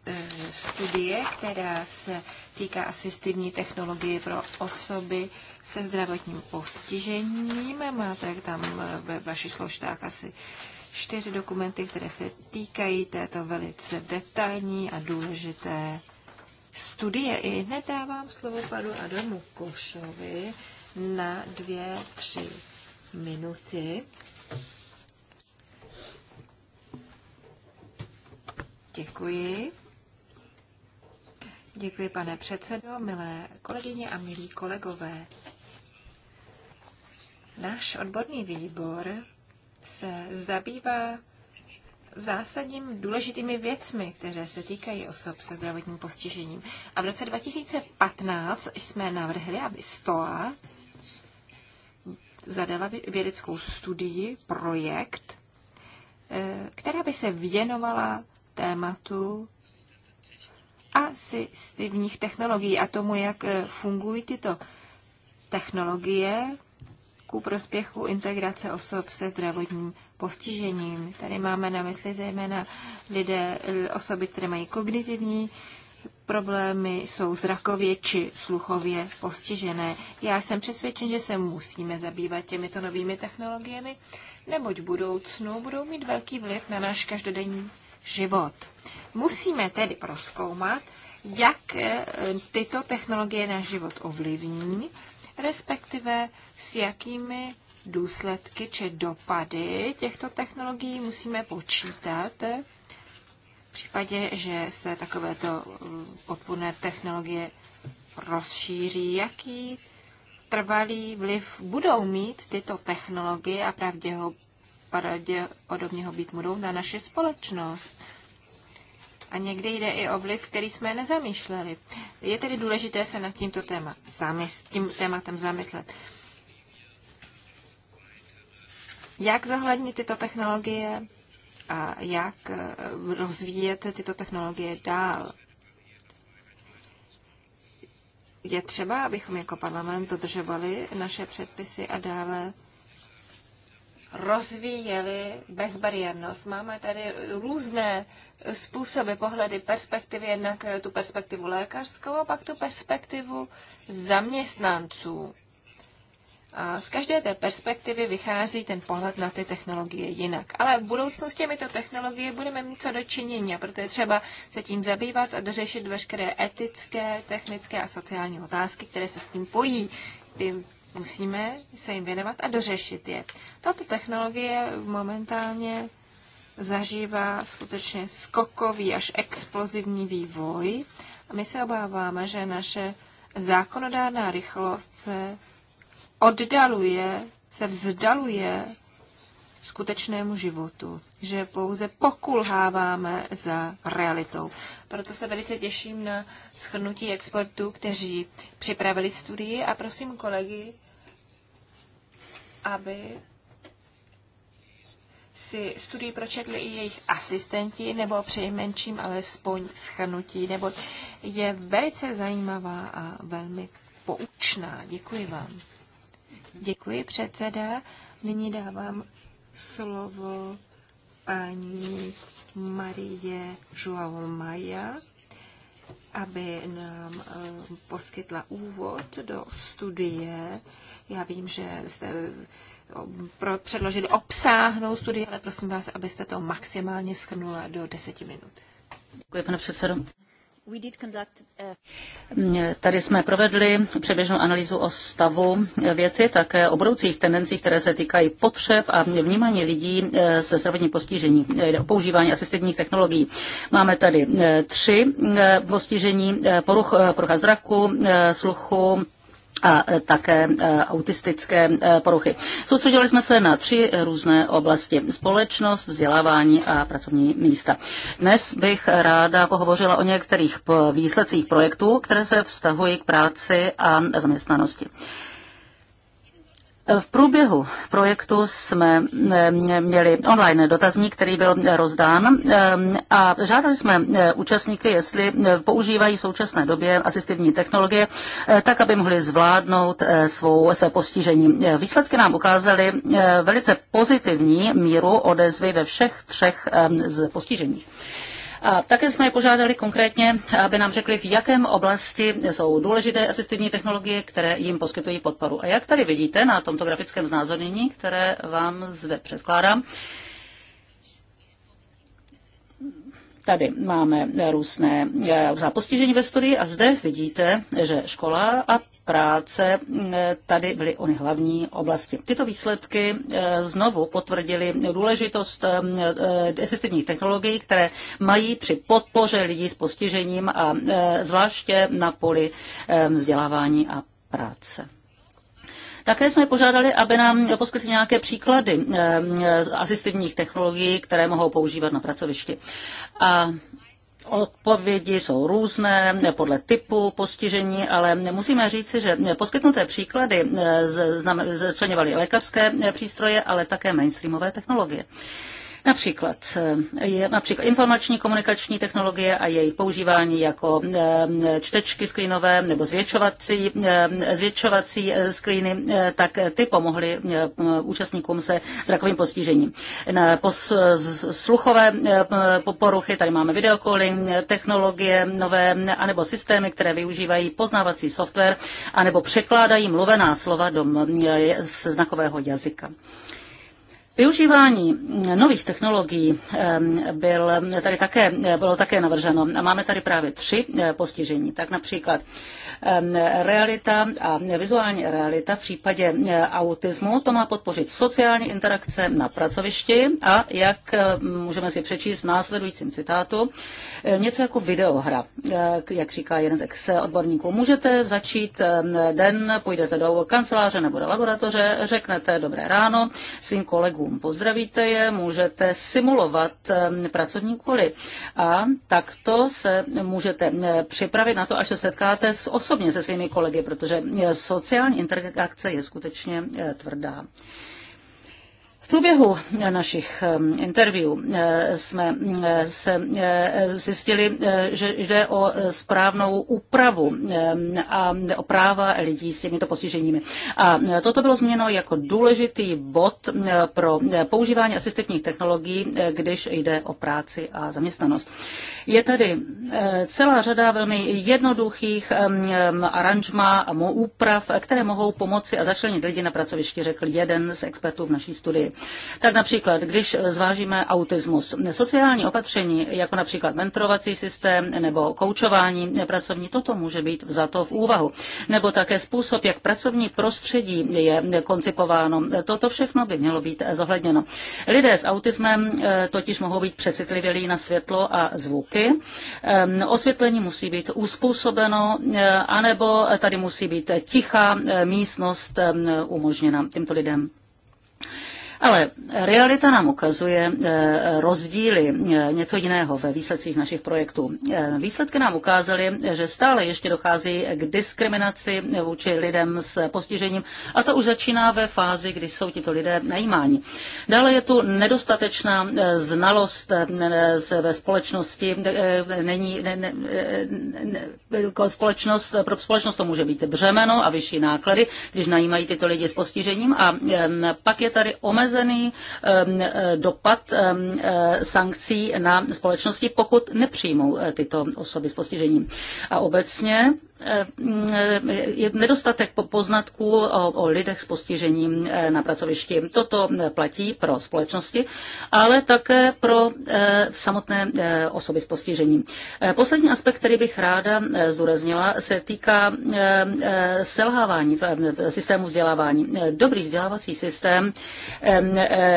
C: eh, studie, která se týká asistivní technologie pro osoby se zdravotním postižením. Máte tam eh, ve vašich složkách asi čtyři dokumenty, které se týkají této velice detailní a důležité studie. I hned dávám slovo panu Adamu Košovi na dvě, tři minuty. Děkuji. Děkuji, pane předsedo, milé kolegyně a milí kolegové. Náš odborný výbor se zabývá zásadními důležitými věcmi, které se týkají osob se zdravotním postižením. A v roce 2015 jsme navrhli, aby STOA zadala vědeckou studii, projekt, eh, která by se věnovala tématu asistivních technologií a tomu, jak eh, fungují tyto technologie ku prospěchu integrace osob se zdravotním postižením. Tady máme na mysli zejména lidé, osoby, které mají kognitivní problémy, jsou zrakově či sluchově postižené. Já jsem přesvědčen, že se musíme zabývat těmito novými technologiemi, neboť v budoucnu budou mít velký vliv na náš každodenní život. Musíme tedy proskoumat, jak eh, tyto technologie náš život ovlivní, respektive s jakými důsledky či dopady těchto technologií musíme počítat. V případě, že se takovéto mm, podpůrné technologie rozšíří, jaký trvalý vliv budou mít tyto technologie a pravděpodobně ho být budou na naši společnost. A někdy jde i o vliv, který jsme nezamýšleli. Je tedy důležité se nad tímto téma, zamys- tím tématem zamyslet. Jak zohlednit tyto technologie a jak eh, rozvíjet tyto technologie dál? Je třeba, abychom jako parlament dodržovali naše předpisy a dále rozvíjeli bezbariérnost. Máme tady různé způsoby, pohledy, perspektivy, jednak tu perspektivu lékařskou a pak tu perspektivu zaměstnanců. A z každé té perspektivy vychází ten pohled na ty technologie jinak. Ale v budoucnu s těmito technologie budeme mít co dočinění, a proto je třeba se tím zabývat a dořešit veškeré etické, technické a sociální otázky, které se s tím pojí. Tím musíme se jim věnovat a dořešit je. Tato technologie momentálně zažívá skutečně skokový až explozivní vývoj a my se obáváme, že naše zákonodárná rychlost se oddaluje, se vzdaluje skutečnému životu, že pouze pokulháváme za realitou. Proto se velice těším na schrnutí expertů, kteří připravili studii a prosím kolegy, aby si studii pročetli i jejich asistenti, nebo přejmenším alespoň schrnutí, nebo je velice zajímavá a velmi poučná. Děkuji vám. Děkuji předseda. Nyní dávám slovo paní Marie Joao Maja, aby nám eh, poskytla úvod do studie. Já vím, že jste eh, pro, předložili obsáhnou studii, ale prosím vás, abyste to maximálně schrnula do deseti minut. Děkuji, pane předsedo. Uh,
B: tady jsme provedli předběžnou analýzu o stavu věci, také o budoucích tendencích, které se týkají potřeb a vnímání lidí eh, se zdravotním postižení. Jde o používání asistivních technologií. Máme tady eh, tři eh, postižení, poruch, porucha zraku, sluchu, a e, také e, autistické e, poruchy. Soustředili jsme se na tři různé oblasti. Společnost, vzdělávání a pracovní místa. Dnes bych ráda pohovořila o některých výsledcích projektů, které se vztahují k práci a zaměstnanosti. V průběhu projektu jsme eh, měli online dotazník, který byl rozdán eh, a žádali jsme eh, účastníky, jestli používají v současné době asistivní technologie, tak aby mohli zvládnout svou, své postižení. Výsledky nám ukázaly velice pozitivní míru odezvy ve všech třech z postižení. A také jsme je požádali konkrétně, aby nám řekli, v jakém oblasti jsou důležité asistivní technologie, které jim poskytují podporu. A jak tady vidíte na tomto grafickém znázornění, které vám zde předkládám, Tady máme eh, různé, eh, různá postižení ve studii a zde vidíte, že škola a práce, mm, eh, tady byly ony hlavní oblasti. Tyto výsledky znovu potvrdily důležitost asistivních technologií, které mají při podpoře lidí s postižením a zvláště na poli vzdělávání a práce. Také jsme požádali, aby nám poskytli nějaké příklady eh, eh, asistivních technologií, které mohou používat na pracovišti. A Odpovědi jsou různé podle typu postižení, ale musíme říci, že poskytnuté příklady eh, začlenovaly lékařské přístroje, ale také mainstreamové technologie. Například, eh, je, například informační komunikační technologie a jejich používání jako eh, čtečky screenové nebo zvětšovací, eh, zvětšovací screeny, tak ty pomohly účastníkům se zrakovým postižením. Na pos, sluchové poruchy, tady máme videokoly, technologie nové, anebo systémy, které využívají poznávací software, anebo překládají mluvená slova do znakového jazyka. Využívání nových technologií byl tady také, bylo také navrženo a máme tady právě tři eh, postižení. Tak například realita a vizuální realita v případě eh, autismu, to má podpořit sociální interakce na pracovišti a jak eh, můžeme si přečíst v následujícím citátu, něco jako videohra, jak říká jeden z odborníků. Můžete začít den, půjdete do kanceláře nebo do laboratoře, řeknete dobré ráno svým kolegům kolegům. Pozdravíte je, můžete simulovat pracovní kvůli a takto se můžete připravit na to, až se setkáte s, osobně se svými kolegy, protože sociální interakce je skutečně tvrdá průběhu našich ehm, interview eh, jsme eh, se eh, zjistili, že jde o správnou úpravu ehm, a o práva lidí s těmito postiženími. A toto bylo změněno jako důležitý bod pro používání asistivních technologií, když jde o práci a zaměstnanost. Je tady celá řada velmi jednoduchých ehm, aranžma a úprav, které mohou pomoci a začlenit lidi na pracovišti, řekl jeden z expertů v naší studii. Tak například, když zvážíme autismus, sociální opatření, jako například mentorovací systém nebo koučování pracovní, toto může být vzato v úvahu. Nebo také způsob, jak pracovní prostředí je koncipováno. Toto všechno by mělo být zohledněno. Lidé s autismem eh, totiž mohou být přecitlivělí na světlo a zvuky. Ehm, osvětlení musí být uspůsobeno, eh, anebo tady musí být tichá eh, místnost ehm, umožněna těmto lidem. Ale realita nám ukazuje eh, rozdíly, eh, něco jiného ve výsledcích našich projektů. Eh, výsledky nám ukázaly, že stále ještě dochází k diskriminaci vůči lidem s postižením a to už začíná ve fázi, kdy jsou tito lidé najímáni. Dále je tu nedostatečná znalost ve společnosti. Není, ne, ne, ne, společnost, pro společnost to může být břemeno a vyšší náklady, když najímají tyto lidi s postižením a pak je tady omezení omezený e, dopad e, sankcí na společnosti, pokud nepřijmou e, tyto osoby s postižením. A obecně je eh, eh, nedostatek poznatků o, o lidech s postižením eh, na pracovišti. Toto platí pro společnosti, ale také pro samotné osoby s postižením. Poslední aspekt, který bych ráda zdůraznila, se týká selhávání v systému vzdělávání. Dobrý vzdělávací systém,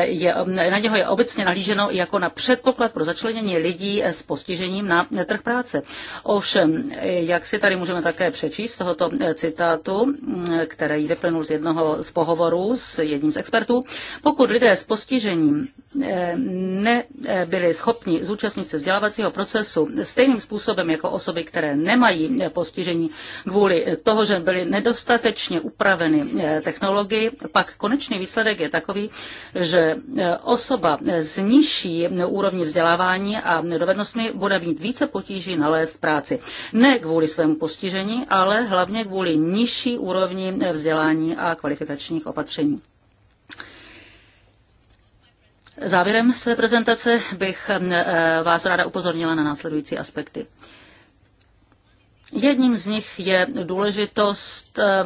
B: je, na něho je obecně nalíženo jako na předpoklad pro začlenění lidí s postižením na trh práce. Ovšem, jak si tady můžeme tak také přečíst z tohoto eh, citátu, mm, které vyplnul z jednoho z pohovorů s jedním z expertů. Pokud lidé s postižením eh, nebyli schopni zúčastnit se vzdělávacího procesu stejným způsobem jako osoby, které nemají eh, postižení kvůli toho, že byly nedostatečně upraveny technologii, pak konečný výsledek je takový, že osoba s nižší úrovní vzdělávání a dovednostmi bude mít více potíží nalézt práci. Ne kvůli svému postižení, opatření, ale hlavně kvůli nižší úrovni vzdělání a kvalifikačních opatření. Závěrem své prezentace bych eh, vás ráda upozornila na následující aspekty. Jedním z nich je důležitost eh,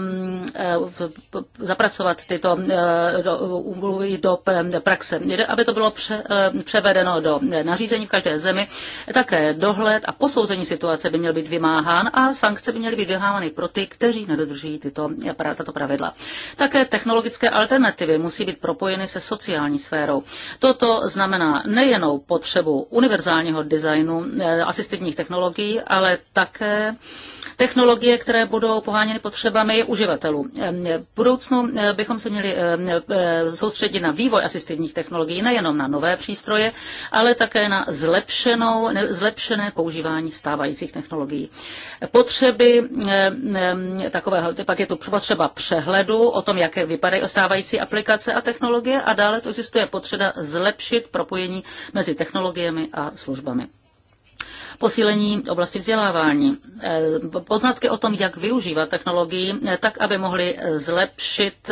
B: zapracovat tyto eh, úmluvy do praxe, aby to bylo eh, převedeno do nařízení v každé zemi. Také dohled a posouzení situace by měl být vymáhán a sankce by měly být vyhávány pro ty, kteří nedodržují tyto, tato pravidla. Také technologické alternativy musí být propojeny se sociální sférou. Toto znamená nejenou potřebu univerzálního designu asistivních technologií, ale také technologie, které budou poháněny potřebami uživatelů. V budoucnu bychom se měli soustředit na vývoj asistivních technologií, nejenom na nové přístroje, ale také na zlepšenou, zlepšené používání stávajících technologií. Potřeby takového, pak je tu potřeba přehledu o tom, jak vypadají stávající aplikace a technologie a dále to existuje potřeba zlepšit propojení mezi technologiemi a službami posílení oblasti vzdělávání, eh, poznatky o tom, jak využívat technologii, eh, tak, aby mohli eh, zlepšit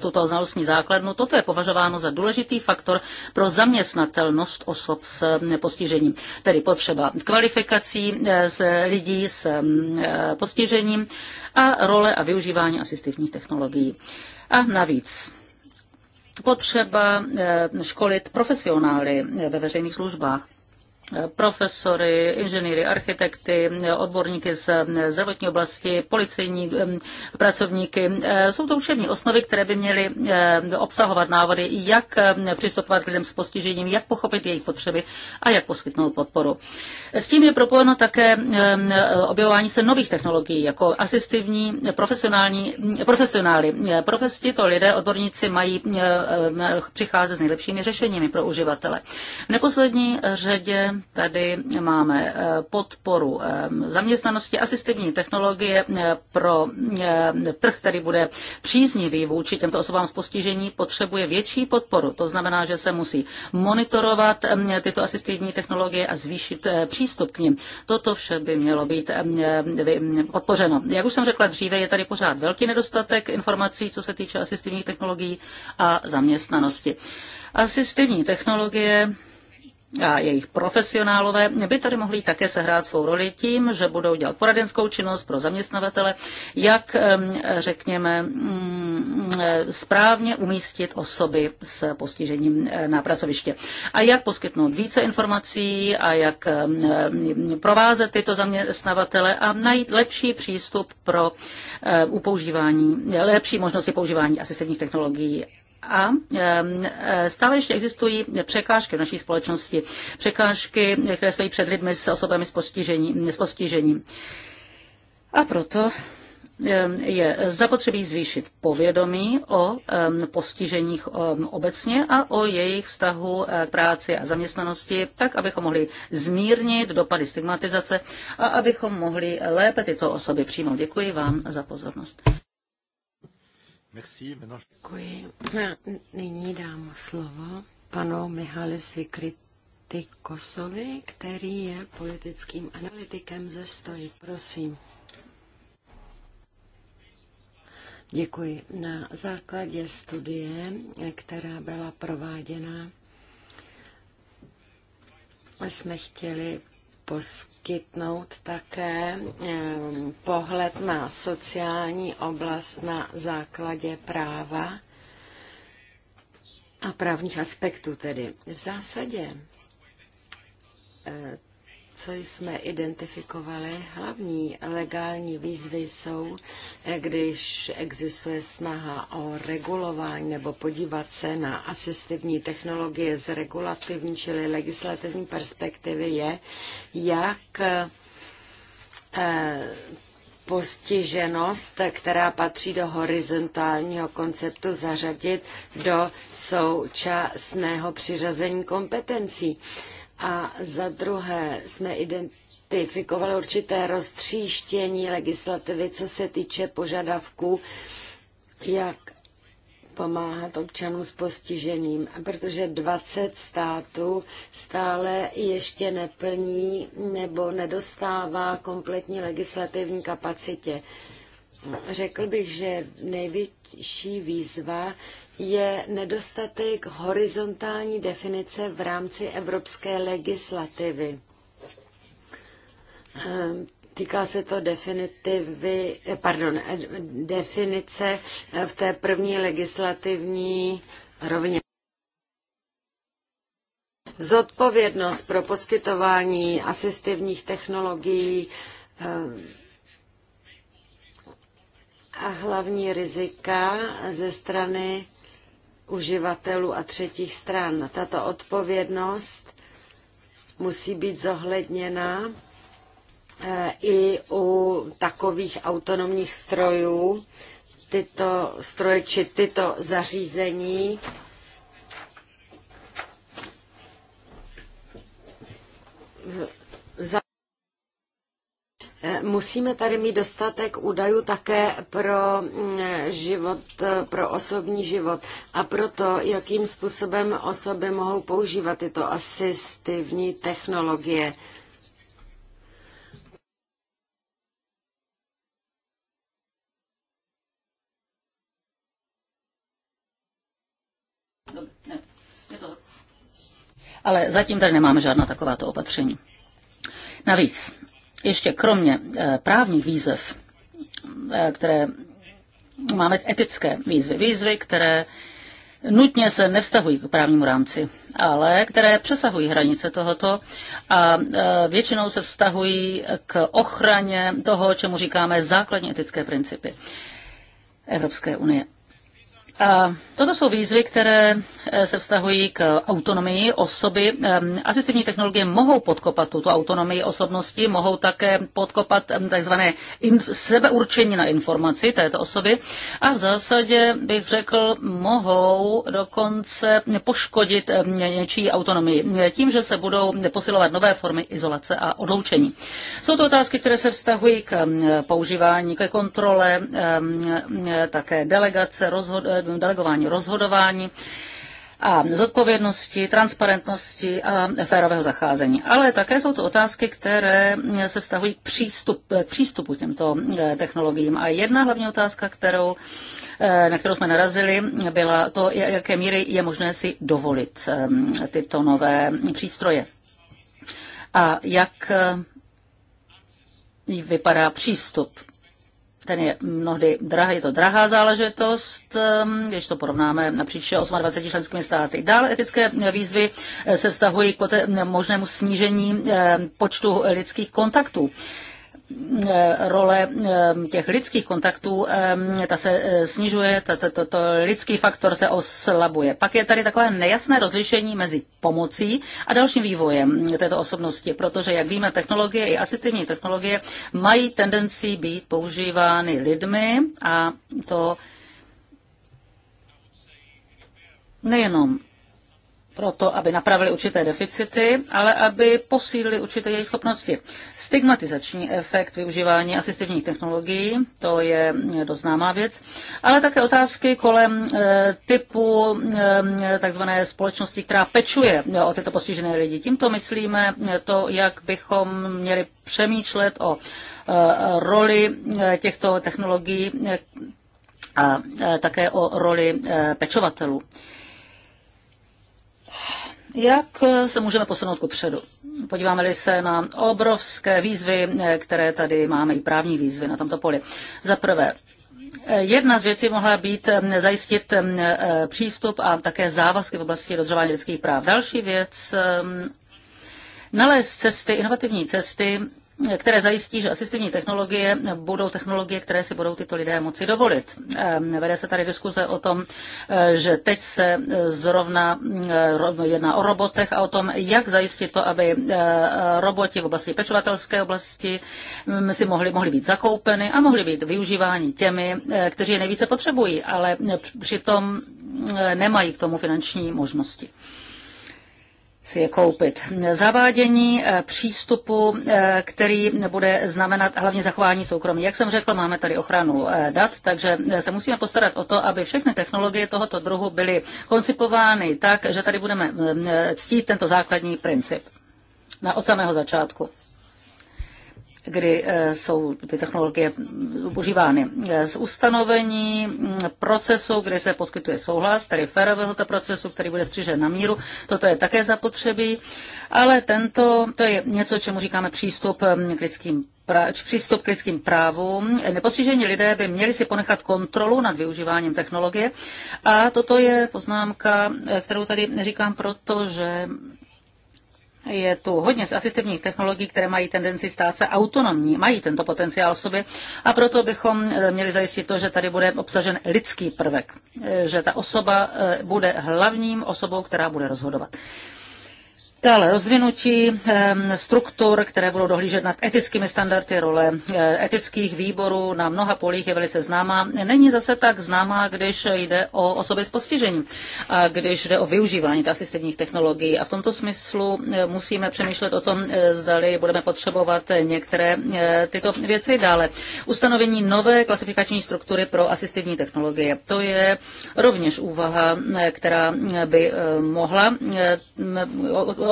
B: tuto znalostní základnu. Toto je považováno za důležitý faktor pro zaměstnatelnost osob s postižením. Tedy potřeba kvalifikací z lidí s postižením a role a využívání asistivních technologií. A navíc potřeba školit profesionály ve veřejných službách profesory, inženýry, architekty, odborníky z zdravotní oblasti, policejní pracovníky. E, jsou to učební osnovy, které by měly e, obsahovat návody, jak přistupovat k lidem s postižením, jak pochopit jejich potřeby a jak poskytnout podporu. S tím je propojeno také objevování se nových technologií, jako asistivní profesionální, profesionály. E, Profes, tito lidé, odborníci, mají přicházet s nejlepšími řešeními pro uživatele. V neposlední řadě Tady máme eh, podporu eh, zaměstnanosti asistivní technologie eh, pro trh, který bude příznivý vůči těmto osobám s postižení, potřebuje větší podporu. To znamená, že se musí monitorovat tyto asistivní technologie a zvýšit přístup k nim. Toto vše by mělo být podpořeno. Jak už jsem řekla dříve, je tady pořád velký nedostatek informací, co se týče asistivních technologií a zaměstnanosti. Asistivní technologie a jejich profesionálové by tady mohli také sehrát svou roli tím, že budou dělat poradenskou činnost pro zaměstnavatele, jak, řekněme, mm, e, správně umístit osoby s postižením e, na pracoviště a jak poskytnout více informací a jak e, provázet tyto zaměstnavatele a najít lepší přístup pro upoužívání, lepší možnosti používání asistentních technologií a e, stále ještě existují překážky v naší společnosti. Překážky, které stojí před lidmi s osobami s postižením. S postižením. A proto je zapotřebí zvýšit povědomí o postiženích obecně a o jejich vztahu e, k práci a zaměstnanosti, tak abychom mohli zmírnit dopady stigmatizace a abychom mohli lépe tyto
A: osoby přijmout. Děkuji vám za pozornost. Merci, Děkuji. Nyní dám slovo panu Mihali Sikrity který je politickým analytikem ze Stoji. Prosím. Děkuji. Na základě studie, která byla prováděna, jsme chtěli poskytnout také pohled na sociální oblast na základě práva a právních aspektů tedy. V zásadě co jsme identifikovali, hlavní legální výzvy jsou, eh, když existuje snaha o regulování nebo podívat se na asistivní technologie z regulativní, čili legislativní perspektivy, je, jak eh, postiženost, která patří do horizontálního konceptu, zařadit do současného přiřazení kompetencí. A za druhé jsme identifikovali určité roztříštění legislativy, co se týče požadavků, jak pomáhat občanům s postižením, protože 20 států stále ještě neplní nebo nedostává kompletní legislativní kapacitě. Řekl bych, že největší výzva je nedostatek horizontální definice v rámci evropské legislativy. Ehm, týká se to definitivy, eh, pardon, eh, definice eh, v té první legislativní rovně. Zodpovědnost pro poskytování asistivních technologií ehm, a hlavní rizika ze strany uživatelů a třetích stran. Tato odpovědnost musí být zohledněna eh, i u takových autonomních strojů, tyto stroje či tyto zařízení, v Musíme tady mít dostatek údajů také pro mm, život, pro osobní život a pro to, jakým způsobem osoby mohou používat tyto asistivní technologie.
B: Ale zatím tady nemáme žádná takováto opatření. Navíc ještě kromě eh, právních výzev, eh, které máme etické výzvy, výzvy, které nutně se nevztahují k právnímu rámci, ale které přesahují hranice tohoto a eh, většinou se vztahují k ochraně toho, čemu říkáme základní etické principy Evropské unie. A toto jsou výzvy, které eh, se vztahují k autonomii osoby. Ehm, asistivní technologie mohou podkopat tuto autonomii osobnosti, mohou také podkopat ehm, takzvané sebeurčení na informaci této osoby a v zásadě bych řekl, mohou dokonce poškodit ehm, něčí autonomii tím, že se budou posilovat nové formy izolace a odloučení. Jsou to otázky, které se vztahují k používání, ke kontrole, také delegace, rozhod delegování rozhodování a zodpovědnosti, transparentnosti a férového zacházení. Ale také jsou to otázky, které se vztahují k, přístup, k přístupu těmto eh, technologiím. A jedna hlavní otázka, kterou, eh, na kterou jsme narazili, byla to, jaké míry je možné si dovolit eh, tyto nové přístroje. A jak vypadá přístup ten je mnohdy drahý, je to drahá záležitost, ehm, když to porovnáme napříč 28 členskými státy. Dále etické výzvy eh, se vztahují k možnému snížení ehm, počtu lidských kontaktů. Eh, role eh, těch lidských kontaktů, eh, ta se snižuje, to, to, to lidský faktor se oslabuje. Pak je tady takové nejasné rozlišení mezi pomocí a dalším vývojem této osobnosti, protože, jak víme, technologie i asistivní technologie mají tendenci být používány lidmi a to nejenom proto, aby napravili určité deficity, ale aby posílili určité její schopnosti. Stigmatizační efekt využívání asistivních technologií, to je mm, doznámá věc, ale také otázky kolem e, typu e, takzvané společnosti, která pečuje e, o tyto postižené lidi. Tímto myslíme to, jak bychom měli přemýšlet o roli těchto technologií a také o roli pečovatelů. Jak eh, se můžeme posunout ku předu? Podíváme-li se na obrovské výzvy, eh, které tady máme, i právní výzvy na tomto poli. Za prvé, eh, Jedna z věcí mohla být zajistit přístup a také závazky v oblasti dodržování lidských práv. Další věc, nalézt cesty, inovativní cesty, které zajistí, že asistivní technologie budou technologie, které si budou tyto lidé moci dovolit. Ehm, vede se tady diskuze o tom, eh, že teď se eh, zrovna eh, jedná o robotech a o tom, jak zajistit to, aby roboti v oblasti pečovatelské oblasti mm, si mohli, mohli být zakoupeny a mohli být využíváni těmi, kteří je nejvíce potřebují, ale přitom nemají k tomu finanční možnosti si je koupit. Zavádění eh, přístupu, eh, který bude znamenat hlavně zachování soukromí. Jak jsem řekl, máme tady ochranu eh, dat, takže se musíme postarat o to, aby všechny technologie tohoto druhu byly koncipovány tak, že tady budeme mm, ctít tento základní princip na od samého začátku kdy eh, jsou ty technologie užívány. Eh, z ustanovení mm, procesu, kde se poskytuje souhlas, tedy férového to procesu, který bude střižen na míru, toto je také zapotřebí, ale tento, to je něco, čemu říkáme přístup eh, k lidským přístup k lidským právům. Nepostižení lidé by měli si ponechat kontrolu nad využíváním technologie. A toto je poznámka, kterou tady říkám, protože je tu hodně z asistivních technologií, které mají tendenci stát se autonomní, mají tento potenciál v sobě a proto bychom eh, měli zajistit to, že tady bude obsažen lidský prvek, eh, že ta osoba eh, bude hlavním osobou, která bude rozhodovat. Dále rozvinutí struktur, které budou dohlížet nad etickými standardy role e, etických výborů na mnoha polích je velice známá. Není zase tak známá, když jde o osoby s postižením a když jde o využívání asistivních technologií. A v tomto smyslu e, musíme přemýšlet o tom, e, zdali budeme potřebovat některé tyto věci dále. Ustanovení nové klasifikační struktury pro asistivní technologie. To je rovněž úvaha, která by mohla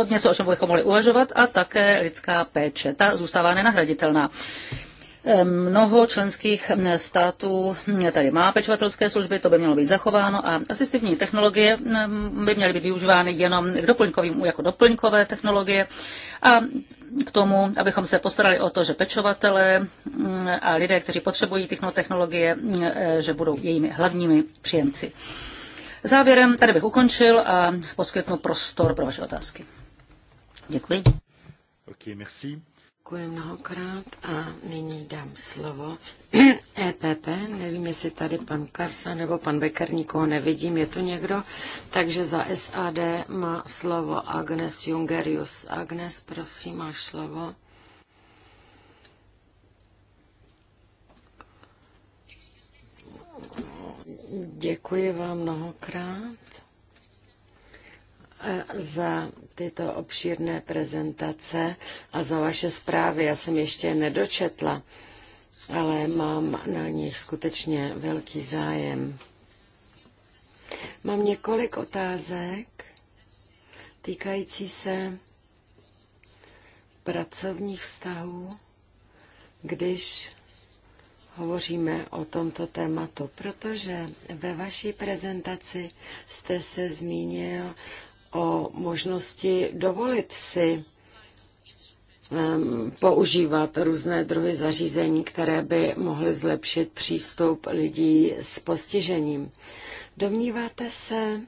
B: to něco, o čem bychom mohli uvažovat, a také lidská péče. Ta zůstává nenahraditelná. Eh, mnoho členských mm, států mm, tady má pečovatelské služby, to by mělo být zachováno a asistivní technologie mm, by měly být využívány jenom k doplňkovým, jako doplňkové technologie a k tomu, abychom se postarali o to, že pečovatele a lidé, kteří potřebují technologie, eh, že budou jejími hlavními příjemci. Závěrem tady bych ukončil a poskytnu prostor pro vaše otázky. Děkuji.
C: Okay, merci.
A: Děkuji mnohokrát a nyní dám slovo EPP. E Nevím, jestli tady pan Kasa nebo pan Becker, nikoho nevidím, je tu někdo. Takže za SAD má slovo Agnes Jungerius. Agnes, prosím, máš slovo. Děkuji vám mnohokrát eh, za tyto obšírné prezentace a za vaše zprávy. Já jsem ještě nedočetla, ale mám na nich skutečně velký zájem. Mám několik otázek týkající se pracovních vztahů, když hovoříme o tomto tématu, protože ve vaší prezentaci jste se zmínil o možnosti dovolit si používat různé druhy zařízení, které by mohly zlepšit přístup lidí s postižením. Domníváte se,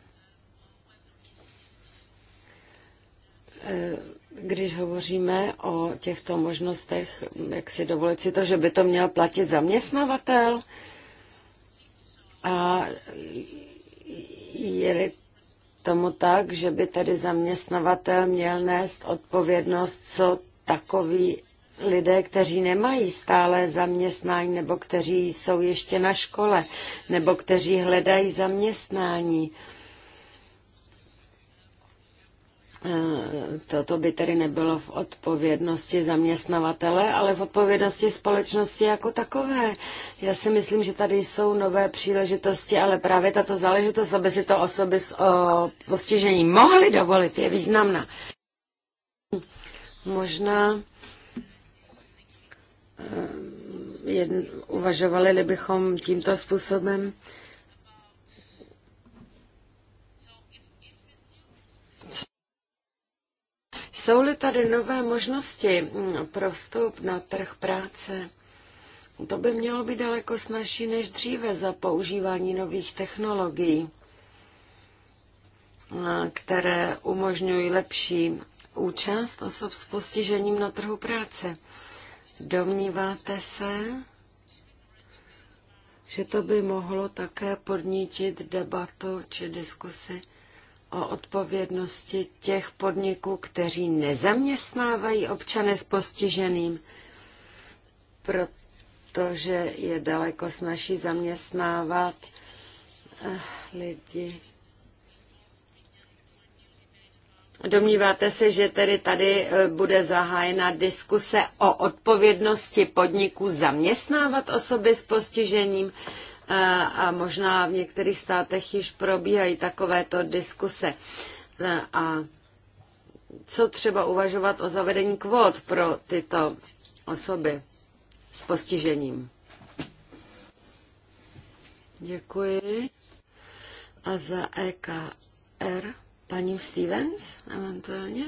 A: eh, když hovoříme o těchto možnostech, jak si dovolit si to, že by to měl platit zaměstnavatel? A je tomu tak, že by tedy zaměstnavatel měl nést odpovědnost, co takový lidé, kteří nemají stále zaměstnání, nebo kteří jsou ještě na škole, nebo kteří hledají zaměstnání. Uh, Toto by tedy nebylo v odpovědnosti zaměstnavatele, ale v odpovědnosti společnosti jako takové. Já si myslím, že tady jsou nové příležitosti, ale právě tato záležitost, aby si to osoby s postižením mohly dovolit, je významná. Možná eh, jedn, uvažovali bychom tímto způsobem, Jsou-li tady nové možnosti mm, pro vstup na trh práce? To by mělo být daleko snažší než dříve za používání nových technologií, které umožňují lepší účast osob s postižením na trhu práce. Domníváte se, že to by mohlo také podnítit debatu či diskusi o odpovědnosti těch podniků, kteří nezaměstnávají občany s postiženým, protože je daleko snaží zaměstnávat eh, lidi. Domníváte se, že tedy tady eh, bude zahájena diskuse o odpovědnosti podniků zaměstnávat osoby s postižením? a možná v některých státech již probíhají takovéto diskuse. E, a co třeba uvažovat o zavedení kvót pro tyto osoby s postižením? Děkuji. A za EKR paní Stevens eventuálně?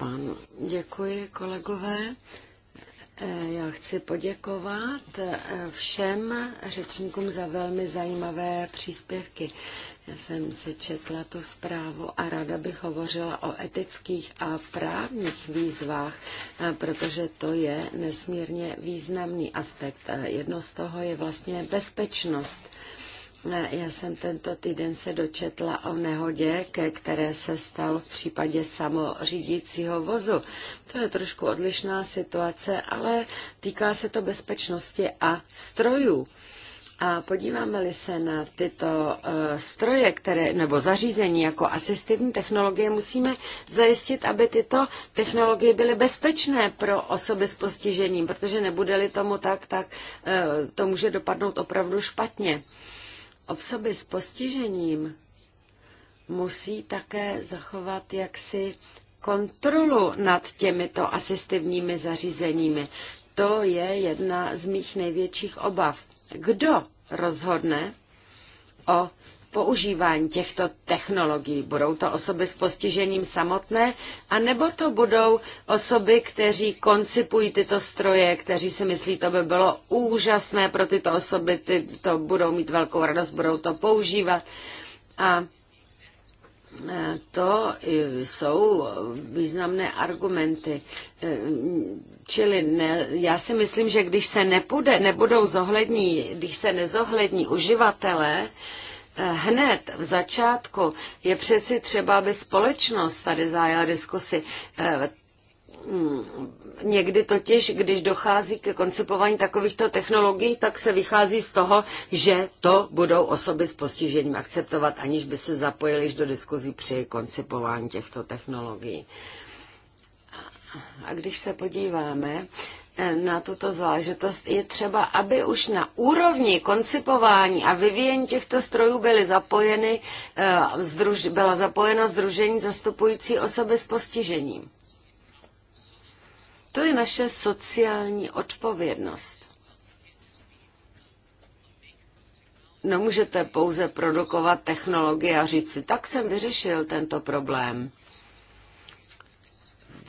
A: pánu. Děkuji, kolegové. Eh, já chci poděkovat eh, všem řečníkům za velmi zajímavé příspěvky. Já jsem si četla tu zprávu a ráda bych hovořila o etických a právních výzvách, eh, protože to je nesmírně významný aspekt. Jedno z toho je vlastně bezpečnost já jsem tento týden se dočetla o nehodě, ke které se stal v případě samořídícího vozu. To je trošku odlišná situace, ale týká se to bezpečnosti a strojů. A podíváme-li se na tyto uh, stroje, které, nebo zařízení jako asistivní technologie, musíme zajistit, aby tyto technologie byly bezpečné pro osoby s postižením, protože nebude-li tomu tak, tak uh, to může dopadnout opravdu špatně. Uh, Osoby s postižením musí také zachovat jaksi kontrolu nad těmito asistivními zařízeními. To je jedna z mých největších obav. Kdo rozhodne o používání těchto technologií? Budou to osoby s postižením samotné, anebo to budou osoby, kteří koncipují tyto stroje, kteří si myslí, to by bylo úžasné pro tyto osoby, ty to budou mít velkou radost, budou to používat. A e, to jsou významné argumenty. E, čili ne, já si myslím, že když se nepůjde, nebudou zohlední, když se nezohlední uživatelé, hned v začátku je přeci třeba, aby společnost tady zájela diskusy. Eh, hm, někdy totiž, když dochází ke koncipování takovýchto technologií, tak se vychází z toho, že to budou osoby s postižením akceptovat, aniž by se zapojili do diskuzí při koncipování těchto technologií. A když se podíváme na tuto záležitost, je třeba, aby už na úrovni koncipování a vyvíjení těchto strojů byly zapojeny, eh, byla zapojena združení zastupující osoby s postižením. To je naše sociální odpovědnost. Nemůžete pouze produkovat technologie a říct si, tak jsem vyřešil tento problém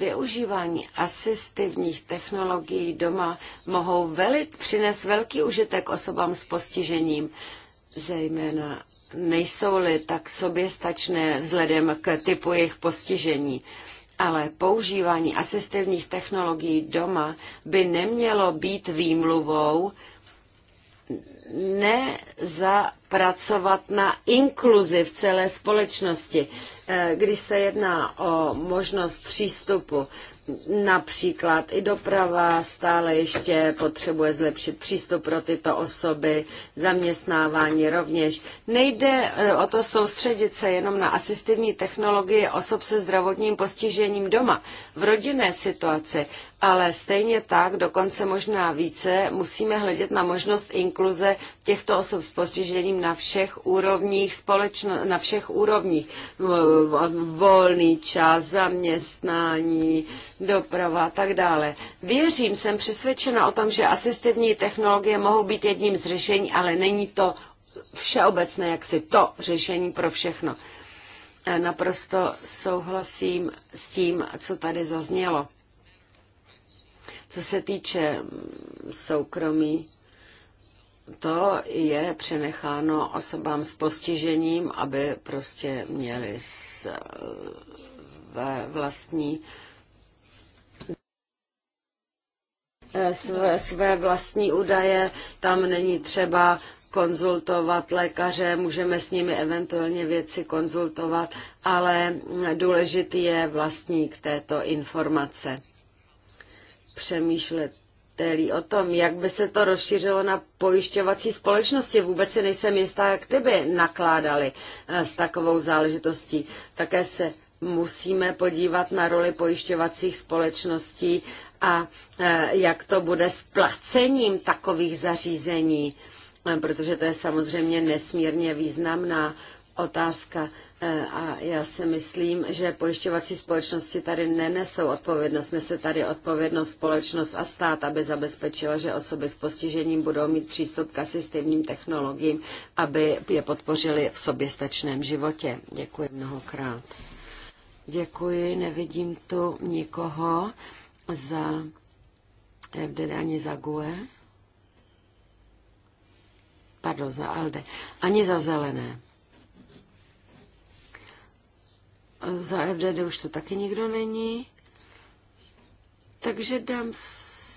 A: využívání asistivních technologií doma mohou velit, přinést velký užitek osobám s postižením, zejména nejsou-li tak soběstačné vzhledem k typu jejich postižení. Ale používání asistivních technologií doma by nemělo být výmluvou, nezapracovat na inkluzi v celé společnosti. Eh, když se jedná o možnost přístupu Například i doprava stále ještě potřebuje zlepšit přístup pro tyto osoby, zaměstnávání rovněž. Nejde e, o to soustředit se jenom na asistivní technologie osob se zdravotním postižením doma, v rodinné situaci, ale stejně tak, dokonce možná více, musíme hledět na možnost inkluze těchto osob s postižením na všech úrovních, společno, na všech úrovních. Volný čas, zaměstnání, doprava a tak dále. Věřím, jsem přesvědčena o tom, že asistivní technologie mohou být jedním z řešení, ale není to všeobecné, jak si to řešení pro všechno. E, naprosto souhlasím s tím, co tady zaznělo. Co se týče mm, soukromí, to je přenecháno osobám s postižením, aby prostě měli své e, vlastní Eh, své, své vlastní údaje, tam není třeba konzultovat lékaře, můžeme s nimi eventuálně věci konzultovat, ale důležitý je vlastník této informace. Přemýšlet o tom, jak by se to rozšířilo na pojišťovací společnosti. Vůbec si nejsem jistá, jak ty by nakládali eh, s takovou záležitostí. Také se musíme podívat na roli pojišťovacích společností a e, jak to bude s placením takových zařízení, e, protože to je samozřejmě nesmírně významná otázka. E, a já si myslím, že pojišťovací společnosti tady nenesou odpovědnost, nese tady odpovědnost společnost a stát, aby zabezpečila, že osoby s postižením budou mít přístup k asistivním technologiím, aby je podpořili v soběstačném životě. Děkuji mnohokrát. Děkuji, nevidím tu nikoho za FDD ani za GUE. Pardon, za ALDE. Ani za zelené. Za FDD už to taky nikdo není. Takže dám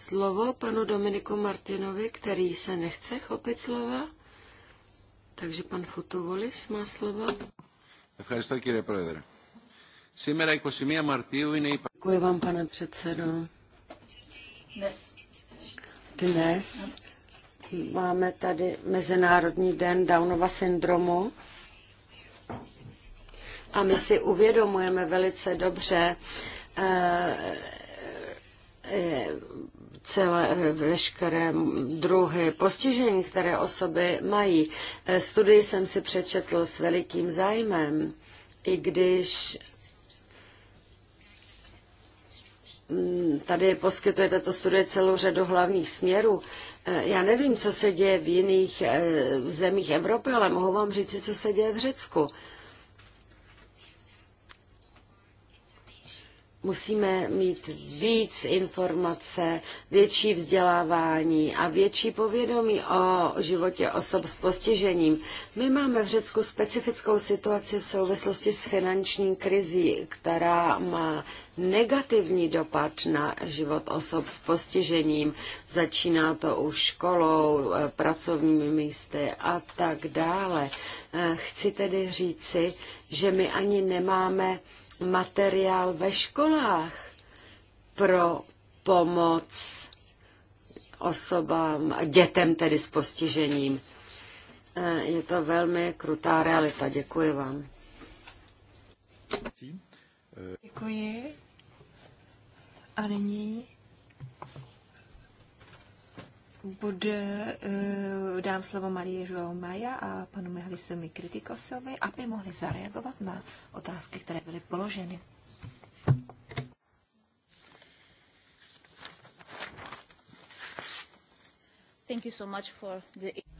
A: slovo panu Dominiku Martinovi, který se nechce chopit slova. Takže pan Futovolis má slovo. Děkuji, pane Πρόεδρε. Σήμερα 21 Μαρτίου είναι η Děkuji vám, pane předsedo. Dnes, Dnes máme tady Mezinárodní den Downova syndromu a my si uvědomujeme velice dobře eh, eh, celé eh, veškeré druhy postižení, které osoby mají. Studii jsem si přečetl s velikým zájmem, i když Mm, tady poskytuje tato studie celou řadu hlavních směrů. Eh, já nevím, co se děje v jiných eh, zemích Evropy, ale mohu vám říct, co se děje v Řecku. musíme mít víc informace, větší vzdělávání a větší povědomí o životě osob s postižením. My máme v Řecku specifickou situaci v souvislosti s finanční krizí, která má negativní dopad na život osob s postižením. Začíná to už školou, e, pracovními místy a tak dále. E, chci tedy říci, že my ani nemáme materiál ve školách pro pomoc osobám, dětem tedy s postižením. E, je to velmi krutá realita. Děkuji vám.
C: Děkuji. A nyní bude, eh, dám slovo Marie João Maja a panu Mihlisovi Kritikosovi, aby mohli zareagovat na otázky, které byly položeny.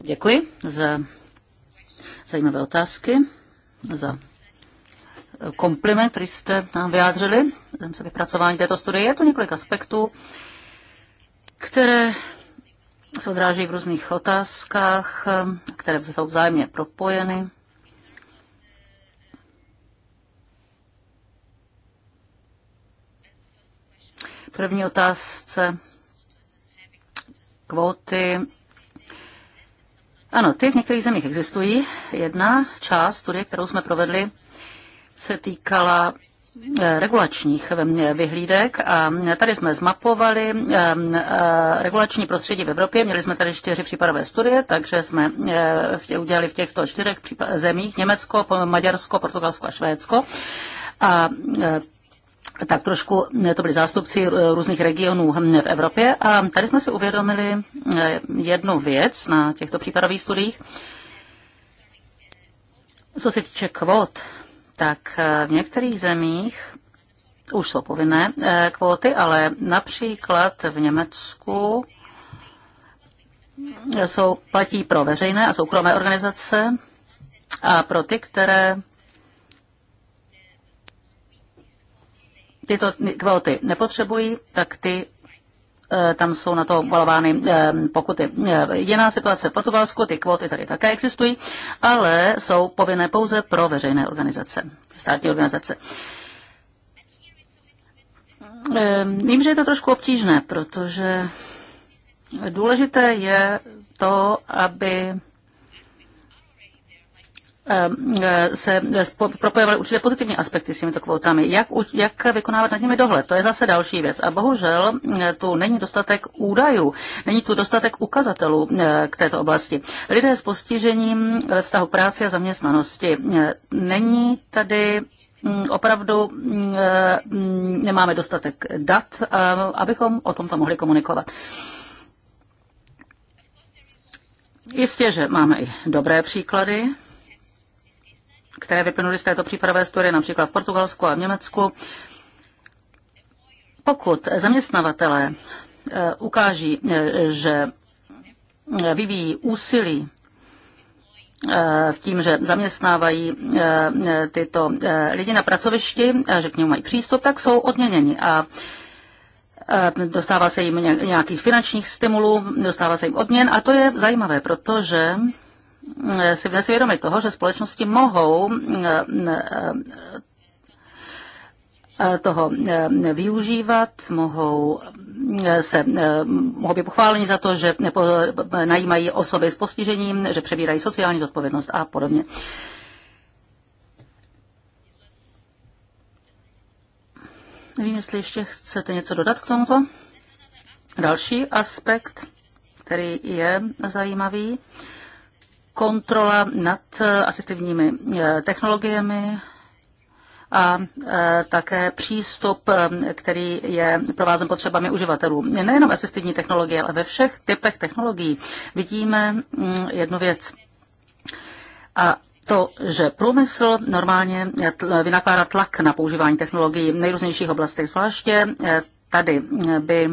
B: Děkuji za zajímavé otázky, za kompliment, který jste nám vyjádřili, se vypracování této studie. Je to několik aspektů, které se odráží v různých otázkách, eh, které jsou vzájemně propojeny. První otázce. Kvóty. Ano, ty v některých zemích existují. Jedna část studie, kterou jsme provedli, se týkala Eh, regulačních eh, vyhlídek a tady jsme zmapovali eh, regulační prostředí v Evropě. Měli jsme tady čtyři případové studie, takže jsme udělali v těchto čtyřech zemích Německo, Maďarsko, Portugalsko a Švédsko. A tak trošku to byli zástupci různých regionů hm, v Evropě a tady jsme si uvědomili jednu věc na těchto případových studiích. Co se týče kvot, tak eh, v některých zemích už jsou povinné eh, kvóty, ale například v Německu jsou, platí pro veřejné a soukromé organizace a pro ty, které tyto kvóty nepotřebují, tak ty Eh, tam jsou na to balovány eh, pokuty. Eh, jiná situace v Portugalsku, ty kvóty tady také existují, ale jsou povinné pouze pro veřejné organizace, státní organizace. Vím, že je to trošku obtížné, protože důležité je to, aby se propojovaly určité pozitivní aspekty s těmito kvótami. Jak, jak vykonávat nad nimi dohled? To je zase další věc. A bohužel eh, tu není dostatek údajů, není tu dostatek ukazatelů eh, k této oblasti. Lidé s postižením eh, ve vztahu práce a zaměstnanosti. Není tady hm, opravdu hm, nemáme dostatek dat, abychom o tomto mohli komunikovat. Jistě, že máme i dobré příklady které vyplnuly z této případové studie, například v Portugalsku a v Německu. Pokud zaměstnavatele eh, ukáží, eh, že eh, vyvíjí úsilí v tím, že zaměstnávají tyto lidi na pracovišti, že k němu mají přístup, tak jsou odměněni. A dostává se jim nějakých finančních stimulů, dostává se jim odměn a to je zajímavé, protože Eh, si dnes vědomi toho, že společnosti mohou eh, eh, toho využívat, mohou se, mohou být pochváleni za to, že najímají osoby s postižením, že přebírají sociální zodpovědnost a podobně. Nevím, jestli ještě chcete něco dodat k tomuto. Další aspekt, který je zajímavý, kontrola nad eh, asistivními eh, technologiemi a eh, také přístup, který je provázen potřebami uživatelů. Nejenom asistivní technologie, ale ve všech typech technologií vidíme mm, jednu věc. A to, že průmysl normálně vynakládá tlak na používání technologií v nejrůznějších oblastech, zvláště tady by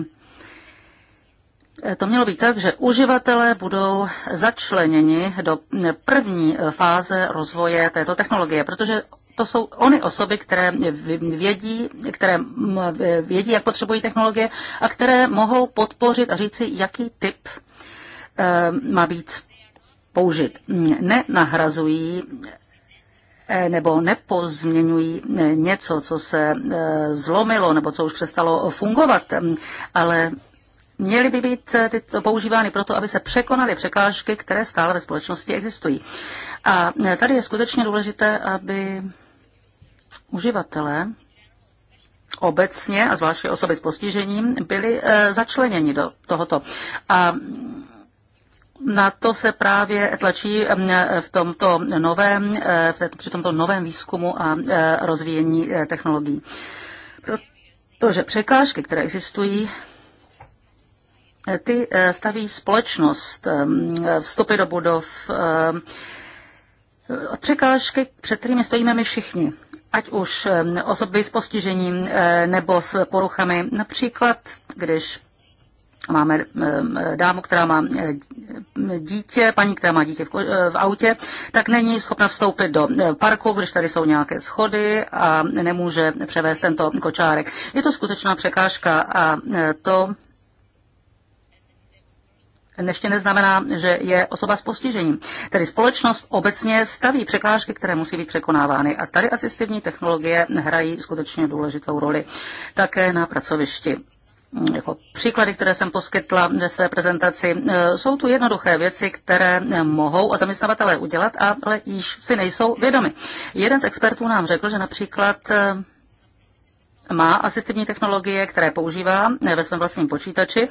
B: Eh, to mělo být tak, že uživatelé budou začleněni do eh, první eh, fáze rozvoje této technologie, protože to jsou ony osoby, které vědí, které mm, vědí, jak potřebují technologie a které mohou podpořit a říci, jaký typ má být použit. Nenahrazují nebo nepozměňují něco, co se zlomilo nebo co už přestalo fungovat, ale měly by být eh, tyto používány proto, aby se překonaly překážky, které stále ve společnosti existují. A eh, tady je skutečně důležité, aby uživatelé obecně a zvláště osoby s postižením byly eh, začleněni do tohoto. A na to se právě tlačí v tomto novém, při tomto novém výzkumu a rozvíjení technologií. Protože překážky, které existují, ty eh, staví společnost, ehm, eh, vstupy do budov, ehm, překážky, před kterými stojíme my všichni ať už ehm, osoby s postižením eh, nebo s poruchami. Například, když máme dámu, která má dítě, paní, která má dítě v, autě, tak není schopna vstoupit do parku, když tady jsou nějaké schody a nemůže převést tento kočárek. Je to skutečná překážka a to ještě neznamená, že je osoba s postižením. Tedy společnost obecně staví překážky, které musí být překonávány. A tady asistivní technologie hrají skutečně důležitou roli také na pracovišti jako příklady, které jsem poskytla ve své prezentaci, eh, jsou tu jednoduché věci, které mohou a zaměstnavatelé udělat, ale již si nejsou vědomi. Jeden z expertů nám řekl, že například eh, má asistivní technologie, které používá eh, ve svém vlastním počítači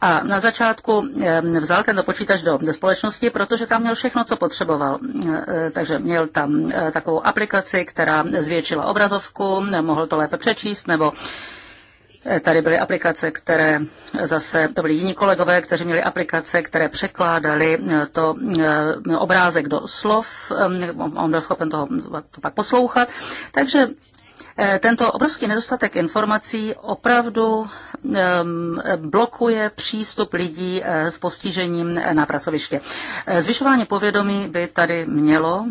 B: a na začátku eh, vzal tento počítač do, do společnosti, protože tam měl všechno, co potřeboval. Eh, takže měl tam takovou aplikaci, která zvětšila obrazovku, mohl to lépe přečíst nebo Tady byly aplikace, které zase, to byli jiní kolegové, kteří měli aplikace, které překládali to obrázek do slov, on byl schopen toho to pak poslouchat. Takže Eh, tento obrovský nedostatek informací opravdu blokuje přístup lidí eh, s postižením na pracoviště. Eh, zvyšování povědomí by tady mělo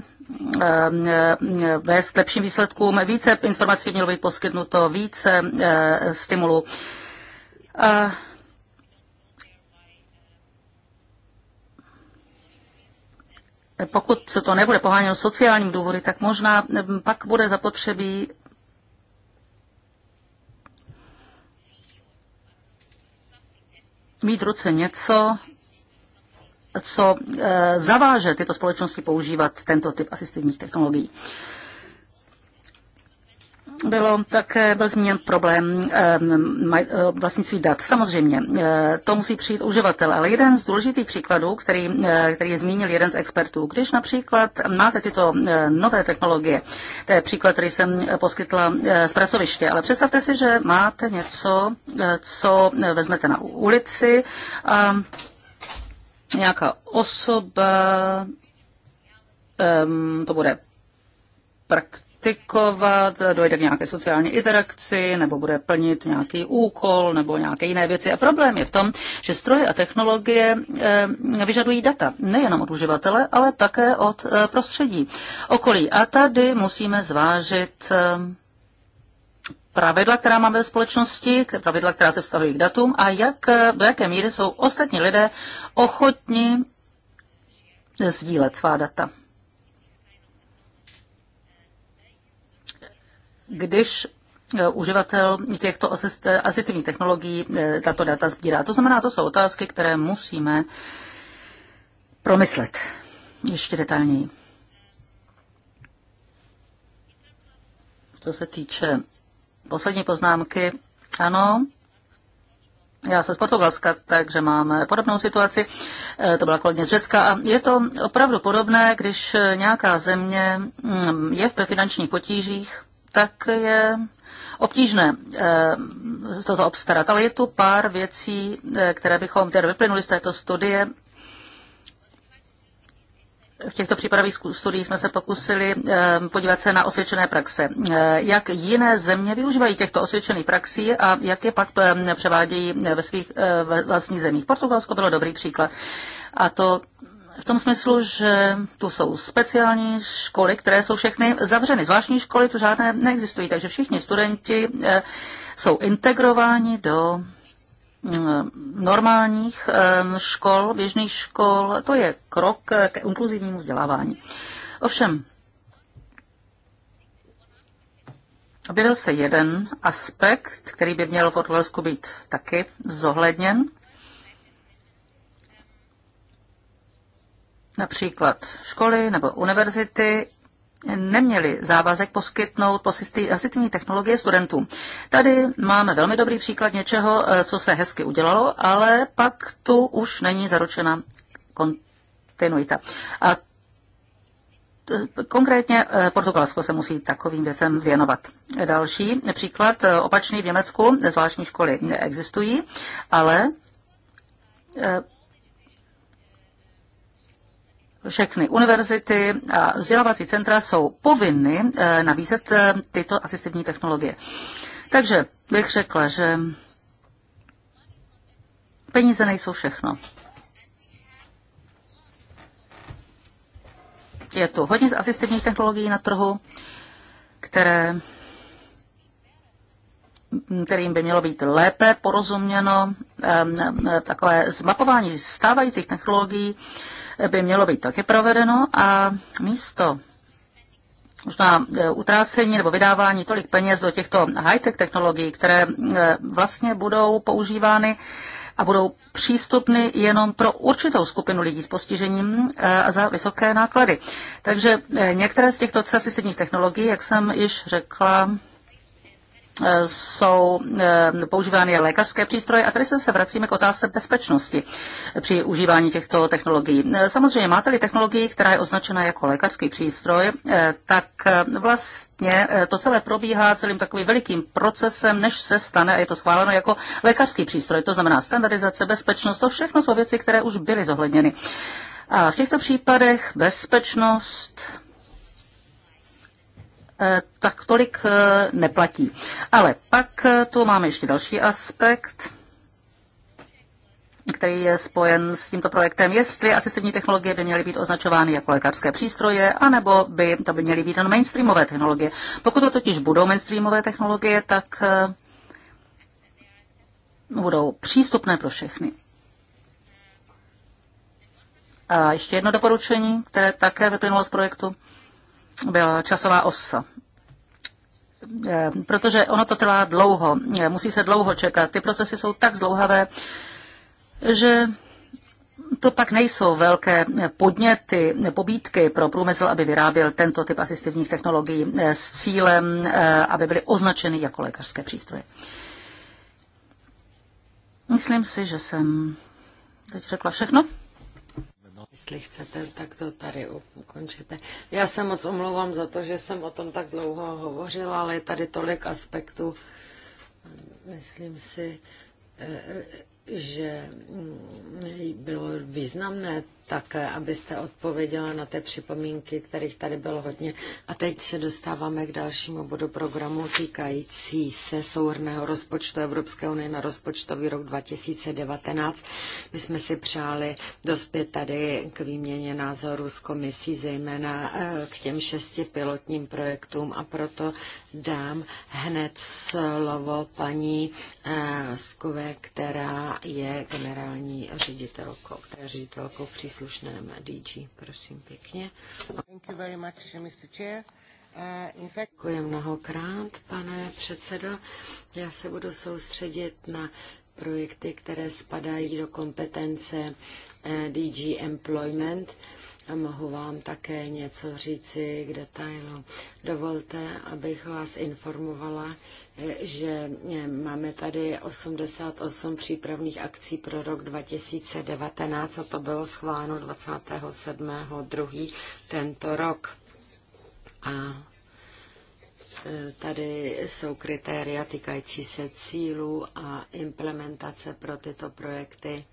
B: vést k lepším výsledkům. Více informací mělo být poskytnuto, více stimulů. Pokud se to nebude poháněno sociálním důvody, tak možná pak bude zapotřebí mít v ruce něco, co eh, zaváže tyto společnosti používat tento typ asistivních technologií bylo také byl zmíněn problém eh, eh, vlastnictví dat. Samozřejmě, eh, to musí přijít uživatel, ale jeden z důležitých příkladů, který, který zmínil jeden z expertů, když například máte tyto nové technologie, to je příklad, který jsem poskytla z pracoviště, ale představte si, že máte něco, co vezmete na ulici a nějaká osoba, ehm, to bude praktická, praktikovat, dojde k nějaké sociální interakci, nebo bude plnit nějaký úkol, nebo nějaké jiné věci. A problém je v tom, že stroje a technologie eh, vyžadují data nejenom od uživatele, ale také od eh, prostředí okolí. A tady musíme zvážit eh, pravidla, která máme ve společnosti, pravidla, která se vztahují k datům a jak, do jaké míry jsou ostatní lidé ochotni sdílet svá data. když eh, uživatel těchto asistivních technologií eh, tato data sbírá. To znamená, to jsou otázky, které musíme promyslet ještě detailněji. Co se týče poslední poznámky, ano, já jsem z Portugalska, takže máme podobnou situaci. Eh, to byla kolegyně z Řecka a je to opravdu podobné, když nějaká země mm, je ve finančních potížích, tak je obtížné eh, z toho obstarat. Ale je tu pár věcí, eh, které bychom tedy vyplynuli z této studie. V těchto přípravných studiích jsme se pokusili eh, podívat se na osvědčené praxe. Jak jiné země využívají těchto osvědčených praxí a jak je pak převádějí ve svých vlastních zemích. Portugalsko bylo dobrý příklad. A to v tom smyslu, že tu jsou speciální školy, které jsou všechny zavřeny. Zvláštní školy tu žádné neexistují, takže všichni studenti eh, jsou integrováni do mm, normálních eh, škol, běžných škol. To je krok eh, k inkluzivnímu vzdělávání. Ovšem, objevil se jeden aspekt, který by měl v Orlelsku být taky zohledněn. například školy nebo univerzity, neměli závazek poskytnout asistivní technologie studentům. Tady máme velmi dobrý příklad něčeho, eh, co se hezky udělalo, ale pak tu už není zaručena kontinuita. A Konkrétně eh, Portugalsko se musí takovým věcem věnovat. Další příklad eh, opačný v Německu, zvláštní školy existují, ale všechny univerzity a vzdělávací centra jsou povinny eh, nabízet eh, tyto asistivní technologie. Takže bych řekla, že peníze nejsou všechno. Je tu hodně asistivních technologií na trhu, které kterým by mělo být lépe porozuměno, takové zmapování stávajících technologií by mělo být také provedeno a místo možná e, utrácení nebo vydávání tolik peněz do těchto high-tech technologií, které e, vlastně budou používány a budou přístupny jenom pro určitou skupinu lidí s postižením e, a za vysoké náklady. Takže některé z těchto asistivních technologií, jak jsem již řekla, Eh, jsou eh, používány jako lékařské přístroje a tady se vracíme k otázce bezpečnosti při užívání těchto technologií. Eh, samozřejmě máte-li technologii, která je označena jako lékařský přístroj, tak vlastně to celé probíhá celým takovým velikým procesem, než se stane a je to schváleno jako lékařský přístroj. To znamená standardizace, bezpečnost, to všechno jsou věci, které už byly zohledněny. A v těchto případech bezpečnost Eh, tak tolik eh, neplatí. Ale pak eh, tu máme ještě další aspekt, který je spojen s tímto projektem, jestli asistivní technologie by měly být označovány jako lékařské přístroje, anebo by to by měly být jen mainstreamové technologie. Pokud to totiž budou mainstreamové technologie, tak budou přístupné pro všechny. A ještě jedno doporučení, které také vyplynulo z projektu byla časová osa eh, protože ono to trvá dlouho, eh, musí se dlouho čekat. Ty procesy jsou tak zdlouhavé, že to pak nejsou velké podněty, eh, pobídky pro průmysl, aby vyráběl tento typ asistivních technologií s cílem, aby byly označeny jako lékařské přístroje. Myslím si, že jsem teď řekla všechno.
A: Jestli chcete, tak to tady ukončíte. Já se moc omlouvám za to, že jsem o tom tak dlouho hovořila, ale je tady tolik aspektů. Myslím si, eh, že mm, bylo významné tak abyste odpověděla na ty připomínky, kterých tady bylo hodně. A teď se dostáváme k dalšímu bodu programu týkající se souhrného rozpočtu Evropské unie na rozpočtový rok 2019. My jsme si přáli dospět tady k výměně názoru s komisí, zejména eh, k těm šesti pilotním projektům a proto dám hned slovo paní eh, Skové, která je generální ředitelkou, která je ředitelkou příslušnosti příslušném DG. Prosím pěkně. Uh, Děkuji mnohokrát, pane předsedo. Já se budu soustředit na projekty, které spadají do kompetence eh, DG Employment a mohu vám také něco říci k detailu. Dovolte, abych vás informovala, že eh, máme tady 88 přípravných akcí pro rok 2019 a to bylo schváleno 27.2. tento rok. A eh, Tady jsou kritéria týkající se cílů a implementace pro tyto projekty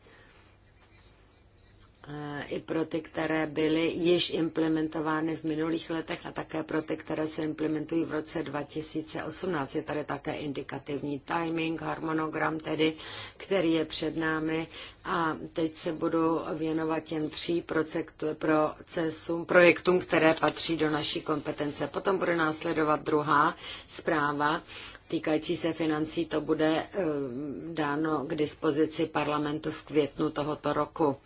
A: i pro ty, které byly již implementovány v minulých letech a také pro ty, které se implementují v roce 2018. Je tady také indikativní timing, harmonogram tedy, který je před námi a teď se budu věnovat těm tří procesům, projektům, které patří do naší kompetence. Potom bude následovat druhá zpráva, týkající se financí, to bude eh, dáno k dispozici parlamentu v květnu tohoto roku.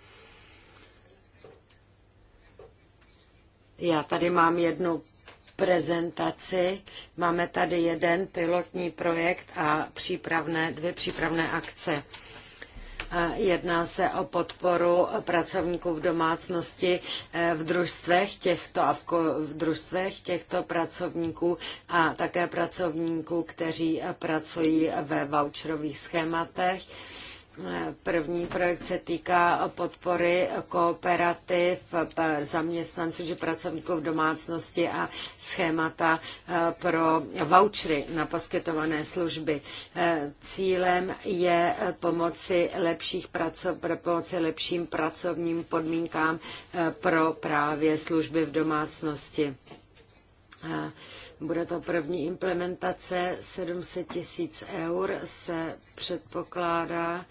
A: Já tady mám jednu prezentaci. Máme tady jeden pilotní projekt a přípravné, dvě přípravné akce. Jedná se o podporu pracovníků v domácnosti eh, v družstvech těchto a v, v družstvech těchto pracovníků a také pracovníků, kteří pracují ve voucherových schématech První projekt se týká podpory kooperativ eh, zaměstnanců či pracovníků v domácnosti a schémata eh, pro vouchery na poskytované služby. Eh, cílem je pomoci, lepších praco, pomoci lepším pracovním podmínkám pro právě služby v domácnosti. Bude to první implementace 700 tisíc eur se předpokládá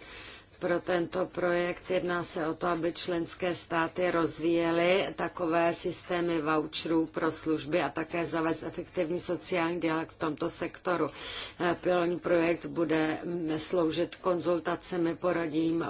A: pro tento projekt. Jedná se o to, aby členské státy rozvíjely takové systémy voucherů pro služby a také zavést efektivní sociální dialog v tomto sektoru. Eh, pilotní projekt bude mm, sloužit konzultacemi, poradím,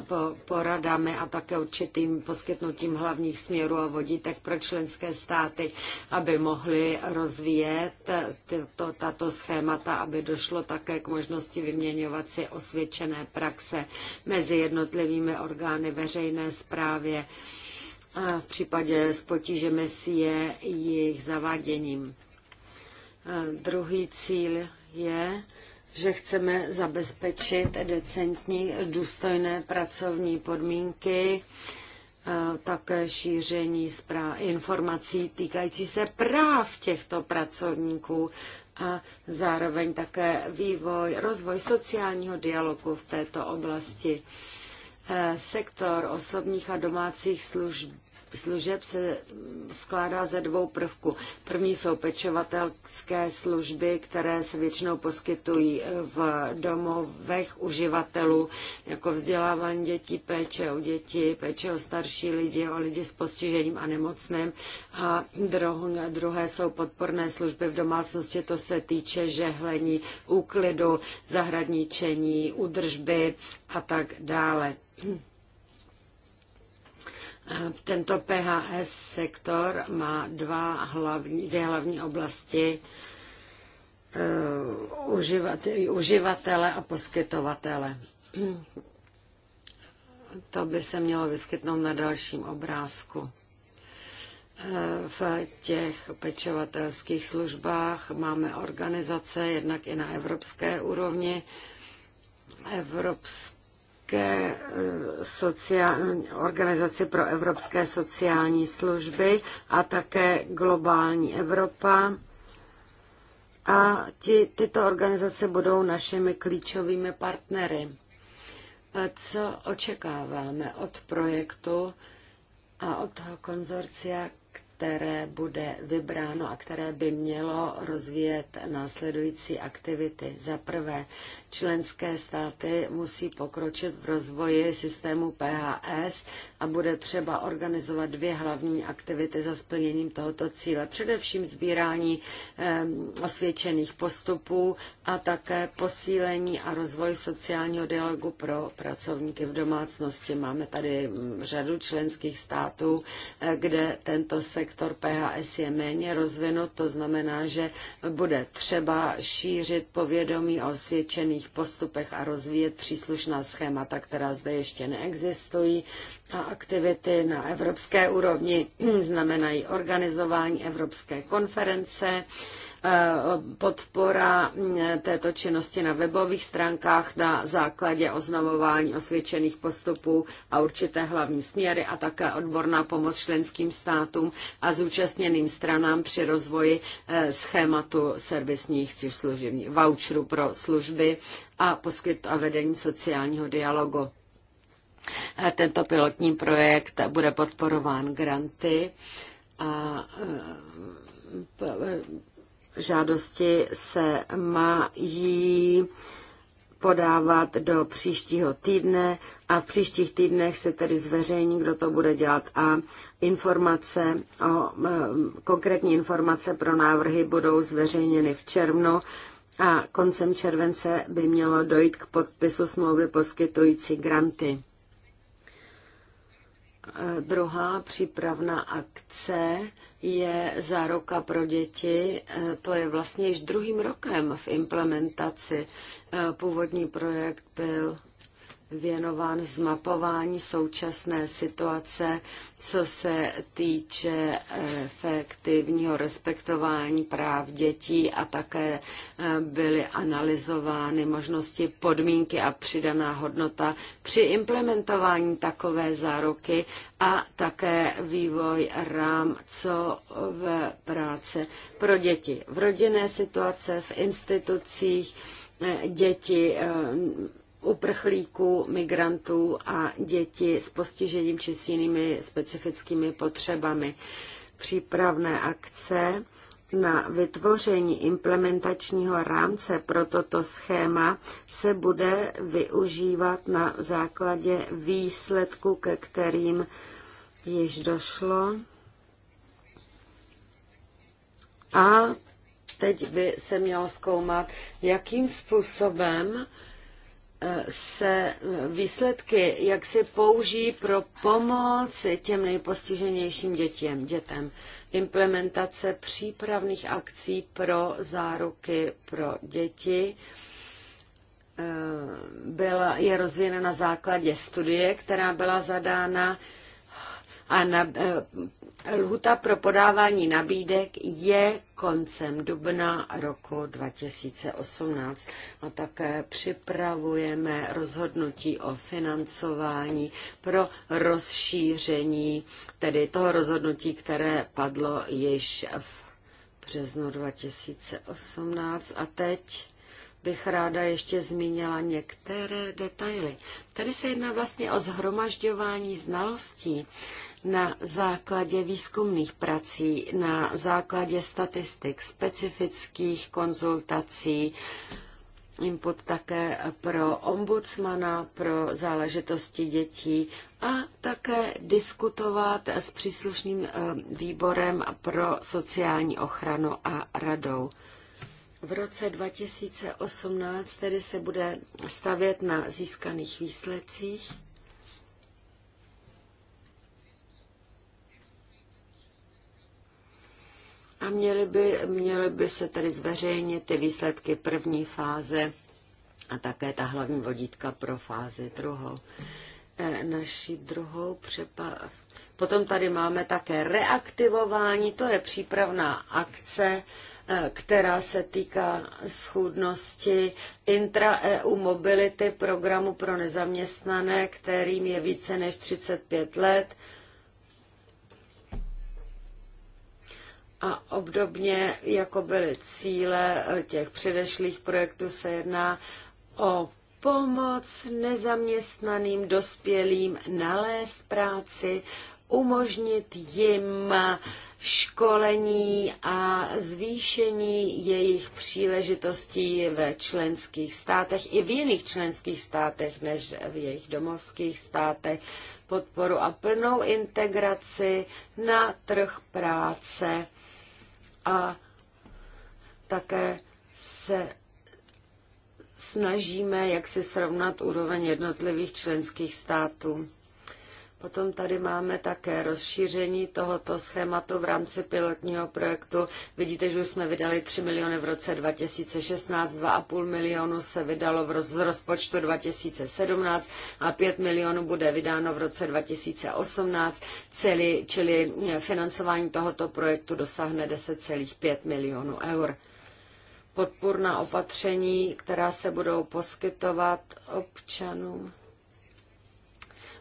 A: poradami a také určitým poskytnutím hlavních směrů a vodítek pro členské státy, aby mohly rozvíjet eh, tyto, tato schémata, aby došlo také k možnosti vyměňovat si osvědčené praxe mezi jednotlivými orgány veřejné a v případě s potížemi si je jejich zaváděním. Druhý cíl je, že chceme zabezpečit decentní, důstojné pracovní podmínky, také šíření informací týkající se práv těchto pracovníků, a zároveň také vývoj, rozvoj sociálního dialogu v této oblasti. Eh, sektor osobních a domácích služb služeb se skládá ze dvou prvků. První jsou pečovatelské služby, které se většinou poskytují eh, v domovech uživatelů, jako vzdělávání dětí, péče o děti, péče o starší lidi, o lidi s postižením a nemocným. A druhé jsou podporné služby v domácnosti, to se týče žehlení, úklidu, zahradničení, údržby a tak dále. Tento PHS sektor má dva hlavní, dvě hlavní oblasti eh, uživatele a poskytovatele. To by se mělo vyskytnout na dalším obrázku. Eh, v těch pečovatelských službách máme organizace jednak i na evropské úrovni. Evropské Evropské eh, sociální, organizaci pro evropské sociální služby a také Globální Evropa. A ti, tyto organizace budou našimi klíčovými partnery. Co očekáváme od projektu a od toho konzorcia, které bude vybráno a které by mělo rozvíjet následující aktivity. Za prvé, členské státy musí pokročit v rozvoji systému PHS a bude třeba organizovat dvě hlavní aktivity za splněním tohoto cíle. Především sbírání osvědčených postupů a také posílení a rozvoj sociálního dialogu pro pracovníky v domácnosti. Máme tady mm, řadu členských států, eh, kde tento sektor sektor PHS je méně rozvinut, to znamená, že bude třeba šířit povědomí o osvědčených postupech a rozvíjet příslušná schémata, která zde ještě neexistují. A aktivity na evropské úrovni znamenají organizování evropské konference, Eh, podpora mm, této činnosti na webových stránkách na základě oznamování osvědčených postupů a určité hlavní směry a také odborná pomoc členským státům a zúčastněným stranám při rozvoji eh, schématu servisních služebních voucherů pro služby a poskyt a vedení sociálního dialogu. Eh, tento pilotní projekt bude podporován granty a žádosti se mají podávat do příštího týdne a v příštích týdnech se tedy zveřejní, kdo to bude dělat a informace o, e, konkrétní informace pro návrhy budou zveřejněny v červnu a koncem července by mělo dojít k podpisu smlouvy poskytující granty. E, druhá přípravná akce je záruka pro děti. E, to je vlastně již druhým rokem v implementaci. E, původní projekt byl věnován zmapování současné situace, co se týče efektivního respektování práv dětí a také eh, byly analyzovány možnosti, podmínky a přidaná hodnota při implementování takové záruky a také vývoj v práce pro děti v rodinné situace, v institucích, eh, děti eh, uprchlíků, migrantů a děti s postižením či s jinými specifickými potřebami. Přípravné akce na vytvoření implementačního rámce pro toto schéma se bude využívat na základě výsledku, ke kterým již došlo. A teď by se mělo zkoumat, jakým způsobem se výsledky, jak se použijí pro pomoc těm nejpostiženějším dětěm, dětem. Implementace přípravných akcí pro záruky pro děti eh, byla, je rozvíjena na základě studie, která byla zadána a na, eh, lhuta pro podávání nabídek je koncem dubna roku 2018 a také připravujeme rozhodnutí o financování pro rozšíření tedy toho rozhodnutí, které padlo již v březnu 2018 a teď bych ráda ještě zmínila některé detaily. Tady se jedná vlastně o zhromažďování znalostí na základě výzkumných prací, na základě statistik, specifických konzultací, input také pro ombudsmana, pro záležitosti dětí a také diskutovat s příslušným eh, výborem pro sociální ochranu a radou. V roce 2018 tedy se bude stavět na získaných výsledcích. A měly by, měly by se tedy zveřejnit ty výsledky první fáze a také ta hlavní vodítka pro fázi druhou. E, naší druhou přepa... Potom tady máme také reaktivování, to je přípravná akce Eh, která se týká schůdnosti intra-EU mobility programu pro nezaměstnané, kterým je více než 35 let. A obdobně, jako byly cíle eh, těch předešlých projektů, se jedná o pomoc nezaměstnaným dospělým nalézt práci, umožnit jim uh, školení a zvýšení jejich příležitostí ve členských státech i v jiných členských státech než v jejich domovských státech, podporu a plnou integraci na trh práce a také se snažíme, jak si srovnat úroveň jednotlivých členských států. Potom tady máme také rozšíření tohoto schématu v rámci pilotního projektu. Vidíte, že už jsme vydali 3 miliony v roce 2016, 2,5 milionu se vydalo v roz, z rozpočtu 2017 a 5 milionů bude vydáno v roce 2018, celý, čili financování tohoto projektu dosáhne 10,5 milionů eur podpůrná opatření, která se budou poskytovat občanům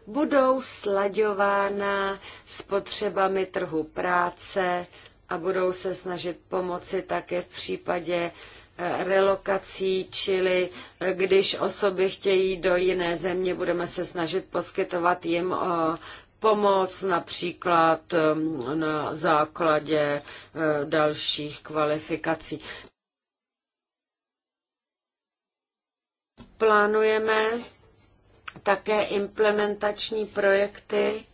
A: budou slaďována s potřebami trhu práce a budou se snažit pomoci také v případě eh, relokací, čili eh, když osoby chtějí do jiné země, budeme se snažit poskytovat jim eh, pomoc například na základě dalších kvalifikací. Plánujeme také implementační projekty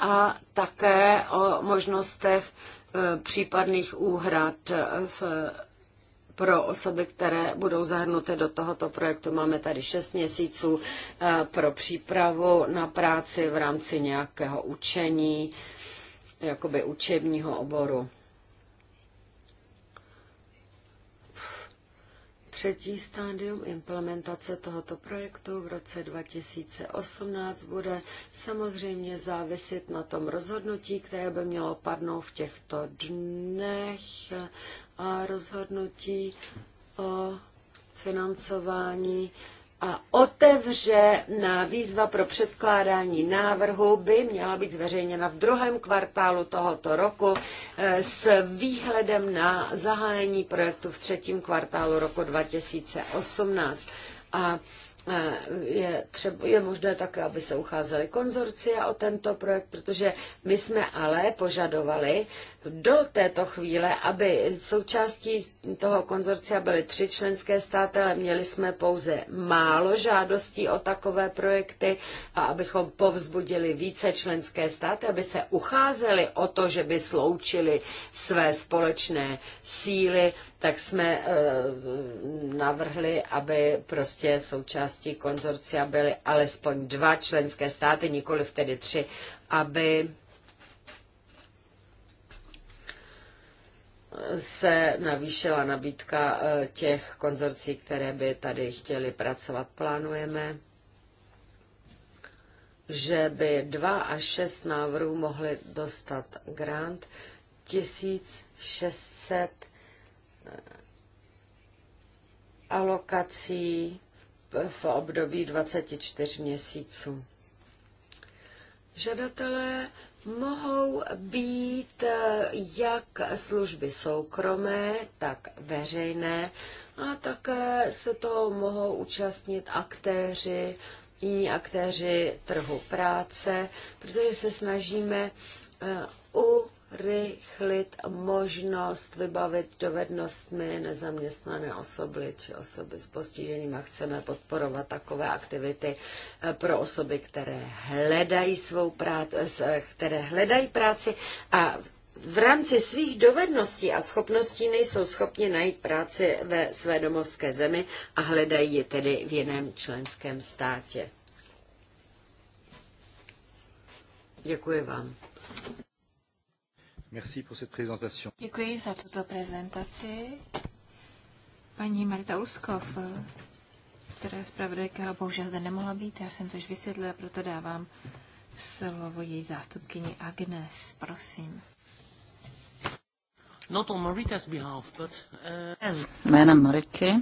A: a také o možnostech e, případných úhrad e, v, pro osoby, které budou zahrnuty do tohoto projektu. Máme tady 6 měsíců e, pro přípravu na práci v rámci nějakého učení, jakoby učebního oboru. Třetí stádium implementace tohoto projektu v roce 2018 bude samozřejmě záviset na tom rozhodnutí, které by mělo padnout v těchto dnech a rozhodnutí o financování a otevře na výzva pro předkládání návrhu by měla být zveřejněna v druhém kvartálu tohoto roku eh, s výhledem na zahájení projektu v třetím kvartálu roku 2018. A Eh, je, třeba, je možné také, aby se ucházely konzorcia o tento projekt, protože my jsme ale požadovali do této chvíle, aby součástí toho konzorcia byly tři členské státy, ale měli jsme pouze málo žádostí o takové projekty a abychom povzbudili více členské státy, aby se ucházeli o to, že by sloučili své společné síly tak jsme eh, navrhli, aby prostě součástí konzorcia byly alespoň dva členské státy, nikoli tedy tři, aby se navýšila nabídka eh, těch konzorcí, které by tady chtěli pracovat. Plánujeme, že by dva až šest návrhů mohli dostat grant 1600 alokací v období 24 měsíců. Žadatelé mohou být jak služby soukromé, tak veřejné a také se to mohou účastnit aktéři, jiní aktéři trhu práce, protože se snažíme eh, u rychlit možnost vybavit dovednostmi nezaměstnané osoby či osoby s postižením a chceme podporovat takové aktivity eh, pro osoby, které hledají svou práci, eh, eh, které hledají práci a v rámci svých dovedností a schopností nejsou schopni najít práci ve své domovské zemi a hledají ji tedy v jiném členském státě. Děkuji vám. Merci pour cette présentation.
C: Děkuji za tuto prezentaci. Paní Marta Uskov, která je zpravodajka, bohužel zde nemohla být, já jsem to už vysvětlila, proto dávám slovo její zástupkyni Agnes, prosím.
B: Not on Marita's behalf, but... Uh... Jménem Mariky.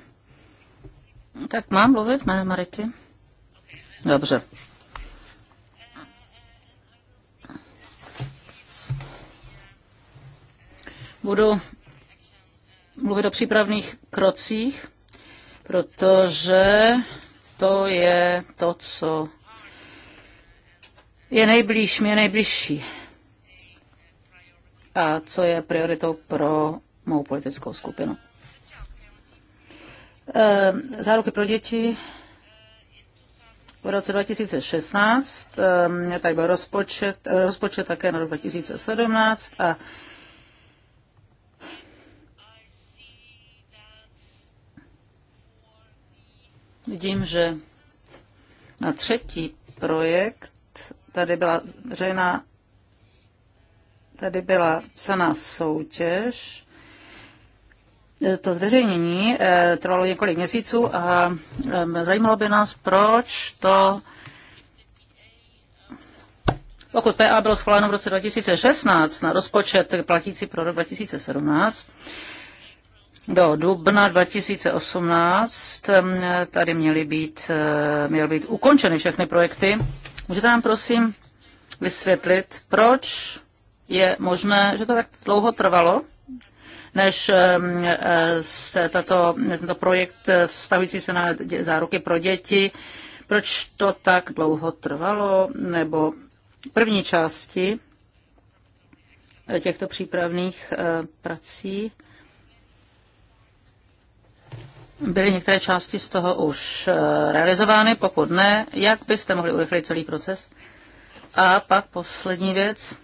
B: Tak mám mluvit jménem Mariky? Dobře. Budu mluvit o přípravných krocích, protože to je to, co je nejblíž, mě nejbližší a co je prioritou pro mou politickou skupinu. Eh, záruky pro děti v roce 2016, eh, tak byl rozpočet, eh, rozpočet také na rok 2017 a Vidím, že na třetí projekt tady byla veřejná, tady byla psaná soutěž. To zveřejnění eh, trvalo několik měsíců a zajímalo by nás, proč to pokud PA bylo schváleno v roce 2016 na rozpočet platící pro rok 2017, do dubna 2018 tady měly být, eh, měly být ukončeny všechny projekty. Můžete nám prosím vysvětlit, proč je možné, že to tak dlouho trvalo, než eh, se tato, tento projekt eh, vztahující se na záruky pro děti, proč to tak dlouho trvalo, nebo první části těchto přípravných prací Byly některé části z toho už eh, realizovány, pokud ne, jak byste mohli urychlit celý proces? A pak poslední věc.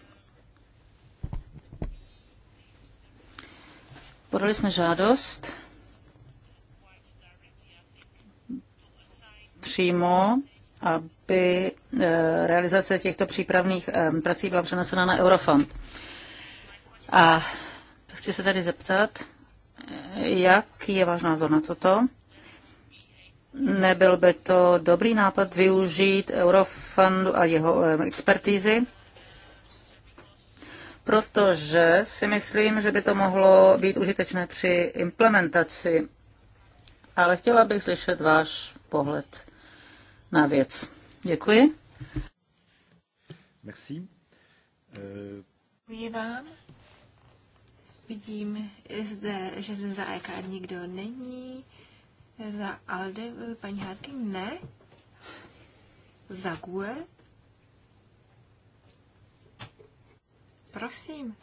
B: Podali jsme žádost přímo, aby eh, realizace těchto přípravných eh, prací byla přenesena na Eurofond. A chci se tady zeptat, jak je váš názor na toto? Nebyl by to dobrý nápad využít Eurofund a jeho eh, expertízy? Protože si myslím, že by to mohlo být užitečné při implementaci. Ale chtěla bych slyšet váš pohled na věc. Děkuji.
C: Merci. Euh, Děkuji vám. Vidím zde, že zde za EK nikdo není. Za Alde paní Harkin ne. Za GUE.
A: Prosím.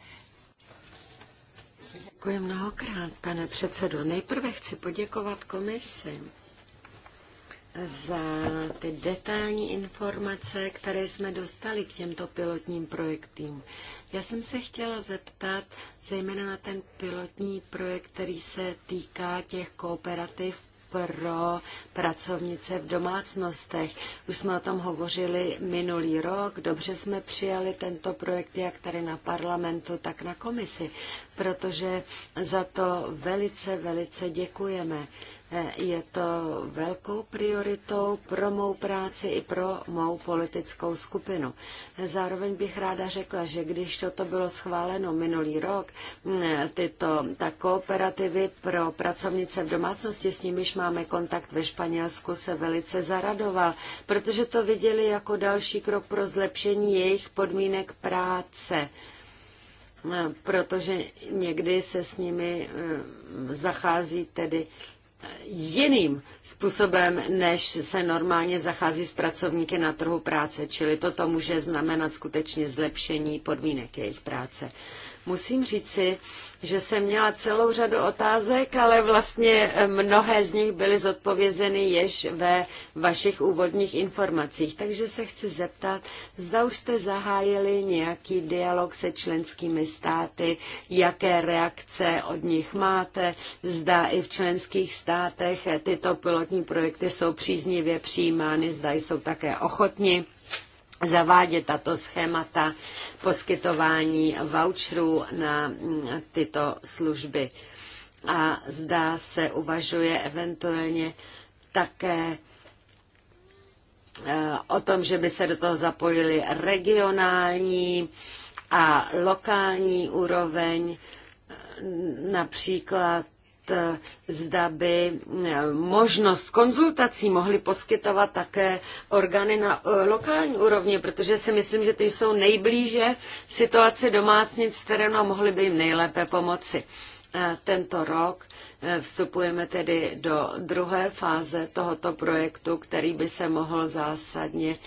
A: Děkuji mnohokrát, pane předsedo. Nejprve chci poděkovat komisi za ty detailní informace, které jsme dostali k těmto pilotním projektům. Já jsem se chtěla zeptat zejména na ten pilotní projekt, který se týká těch kooperativ pro pracovnice v domácnostech. Už jsme o tom hovořili minulý rok, dobře jsme přijali tento projekt jak tady na parlamentu, tak na komisi, protože za to velice, velice děkujeme. Eh, je to velkou prioritou pro mou práci i pro mou politickou skupinu. Eh, zároveň bych ráda řekla, že když toto bylo schváleno minulý rok, eh, tyto ta kooperativy pro pracovnice v domácnosti, s nimiž máme kontakt ve Španělsku, se velice zaradoval, protože to viděli jako další krok pro zlepšení jejich podmínek práce protože někdy se s nimi zachází tedy jiným způsobem, než se normálně zachází s pracovníky na trhu práce, čili toto může znamenat skutečně zlepšení podmínek jejich práce. Musím říci, že jsem měla celou řadu otázek, ale vlastně eh, mnohé z nich byly zodpovězeny již ve vašich úvodních informacích. Takže se chci zeptat, zda už jste zahájili nějaký dialog se členskými státy, jaké reakce od nich máte, zda i v členských státech eh, tyto pilotní projekty jsou příznivě přijímány, zda jsou také ochotni zavádět tato schémata poskytování voucherů na mm, tyto služby. A zdá se uvažuje eventuálně také eh, o tom, že by se do toho zapojili regionální a lokální úroveň, například Eh, zda by eh, možnost konzultací mohly poskytovat také orgány na eh, lokální úrovni, protože si myslím, že ty jsou nejblíže situaci domácnic terénu a mohly by jim nejlépe pomoci. Tento rok vstupujeme tedy do druhé fáze tohoto projektu, který by se mohl zásadně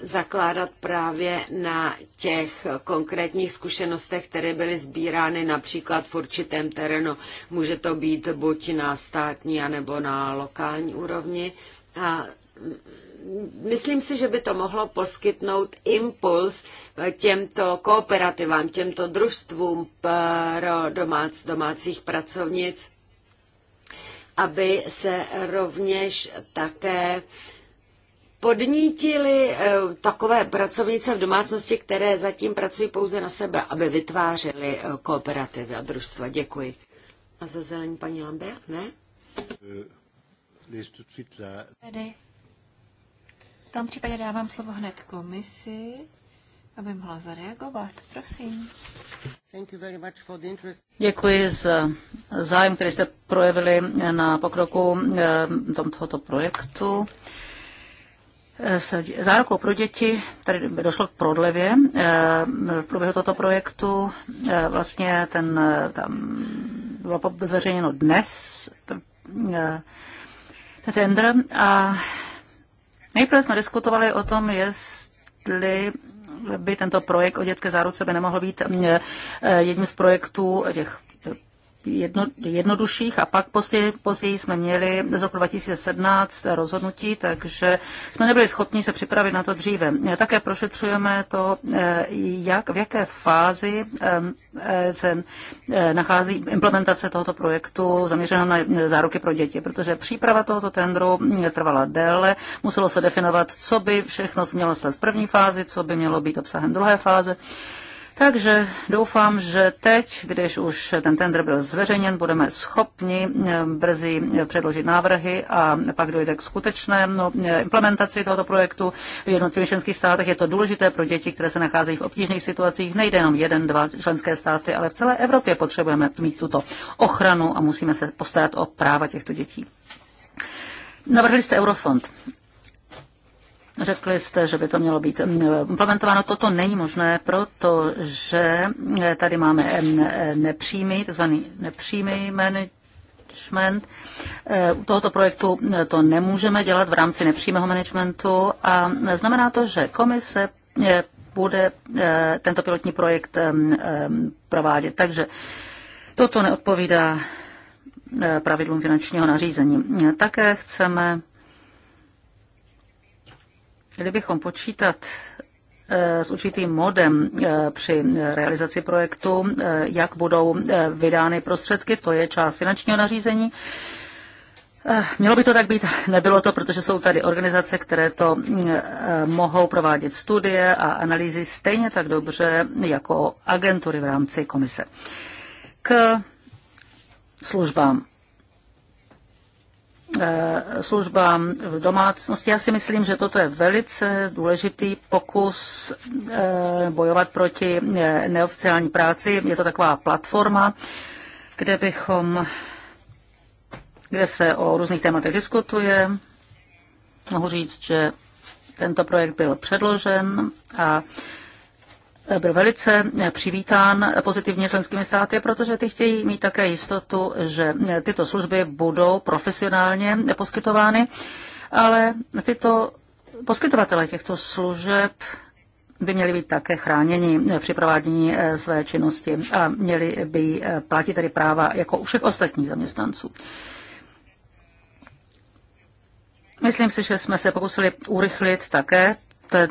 A: zakládat právě na těch konkrétních zkušenostech, které byly sbírány například v určitém terénu. Může to být buď na státní, anebo na lokální úrovni. A myslím si, že by to mohlo poskytnout impuls těmto kooperativám, těmto družstvům pro domác, domácích pracovnic, aby se rovněž také uh, podnítili eh, takové pracovnice v domácnosti, které zatím pracují pouze na sebe, aby vytvářely eh, kooperativy a družstva. Děkuji. A za zelení paní Lambert, ne? Eh,
C: Tady. V tom případě dávám slovo hned komisi, aby mohla zareagovat.
A: Prosím.
B: Děkuji za zájem, který jste projevili na pokroku tohoto projektu s zárukou pro děti, tady došlo k prodlevě eh, v průběhu tohoto projektu. Eh, vlastně ten eh, tam bylo zveřejněno dnes, ten tender. A nejprve jsme diskutovali o tom, jestli by tento projekt o dětské záruce by nemohl být jedním z projektů těch jedno, jednodušších a pak později, později jsme měli z roku 2017 rozhodnutí, takže jsme nebyli schopni se připravit na to dříve. Také prošetřujeme to, eh, jak, v jaké fázi eh, eh, se nachází implementace tohoto projektu zaměřená na záruky pro děti, protože příprava tohoto tendru trvala déle, muselo se definovat, co by všechno mělo stát v první fázi, co by mělo být obsahem druhé fáze. Takže doufám, že teď, když už ten tender byl zveřejněn, budeme schopni eh, brzy předložit návrhy a pak dojde k skutečnému no, eh, implementaci tohoto projektu v jednotlivých členských státech. Je to důležité pro děti, které se nacházejí v obtížných situacích. Nejde jenom jeden, dva členské státy, ale v celé Evropě potřebujeme mít tuto ochranu a musíme se postarat o práva těchto dětí. Navrhli jste Eurofond. Řekli jste, že by to mělo být mm, implementováno. Toto není možné, protože eh, tady máme mm, eh, nepřímý, takzvaný nepřímý management. Eh, u tohoto projektu to nemůžeme dělat v rámci nepřímého managementu a znamená to, že komise bude tento pilotní projekt provádět. Takže toto neodpovídá pravidlům finančního nařízení. Také chceme Měli bychom počítat eh, s určitým modem eh, při realizaci projektu, eh, jak budou vydány prostředky, to je část finančního nařízení. Mělo by to tak být, nebylo to, protože jsou tady organizace, které to mohou provádět studie a analýzy stejně tak dobře jako agentury v rámci komise. K službám. Eh, službám v domácnosti. Já si myslím, že toto je velice důležitý pokus eh, bojovat proti eh, neoficiální práci. Je to taková platforma, kde bychom, kde se o různých tématech diskutuje. Mohu říct, že tento projekt byl předložen a byl velice přivítán pozitivně členskými státy, protože ty chtějí mít také jistotu, že tyto služby budou profesionálně poskytovány, ale tyto poskytovatele těchto služeb by měli být také chráněni při provádění eh, své činnosti a měli by eh, platit tedy práva jako u všech ostatních zaměstnanců. Myslím si, že jsme se pokusili urychlit také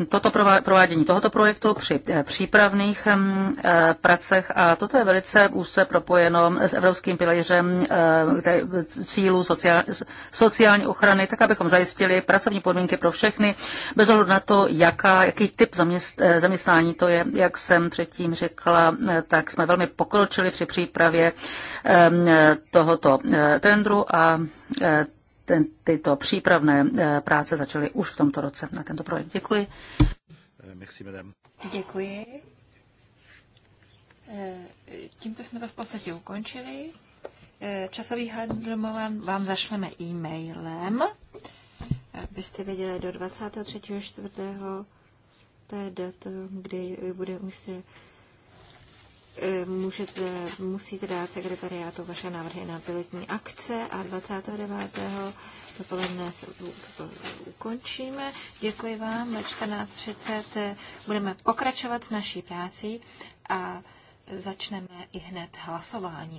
B: toto provádění tohoto projektu při eh, přípravných mm, eh, pracech a toto je velice úzce propojeno s Evropským pilířem eh, cílů sociál, sociální ochrany, tak abychom zajistili pracovní podmínky pro všechny, bez ohledu na to, jaká, jaký typ zaměst, zaměstnání to je. Jak jsem předtím řekla, tak jsme velmi pokročili při přípravě tohoto tendru a ten, tyto přípravné eh, práce začaly už v tomto
C: roce na tento projekt. Děkuji. Eh, merci, madame. Děkuji. Eh, tímto jsme to v podstatě ukončili. Časový harmonogram vám zašleme e-mailem, abyste věděli do 23. čtvrtého To je datum, kdy bude muset E, můžete, musíte dát sekretariátu vaše návrhy na pilotní akce a 29. dopoledne se ukončíme. Děkuji vám. Ve 14.30 e, budeme pokračovat s naší práci a začneme i hned hlasováním.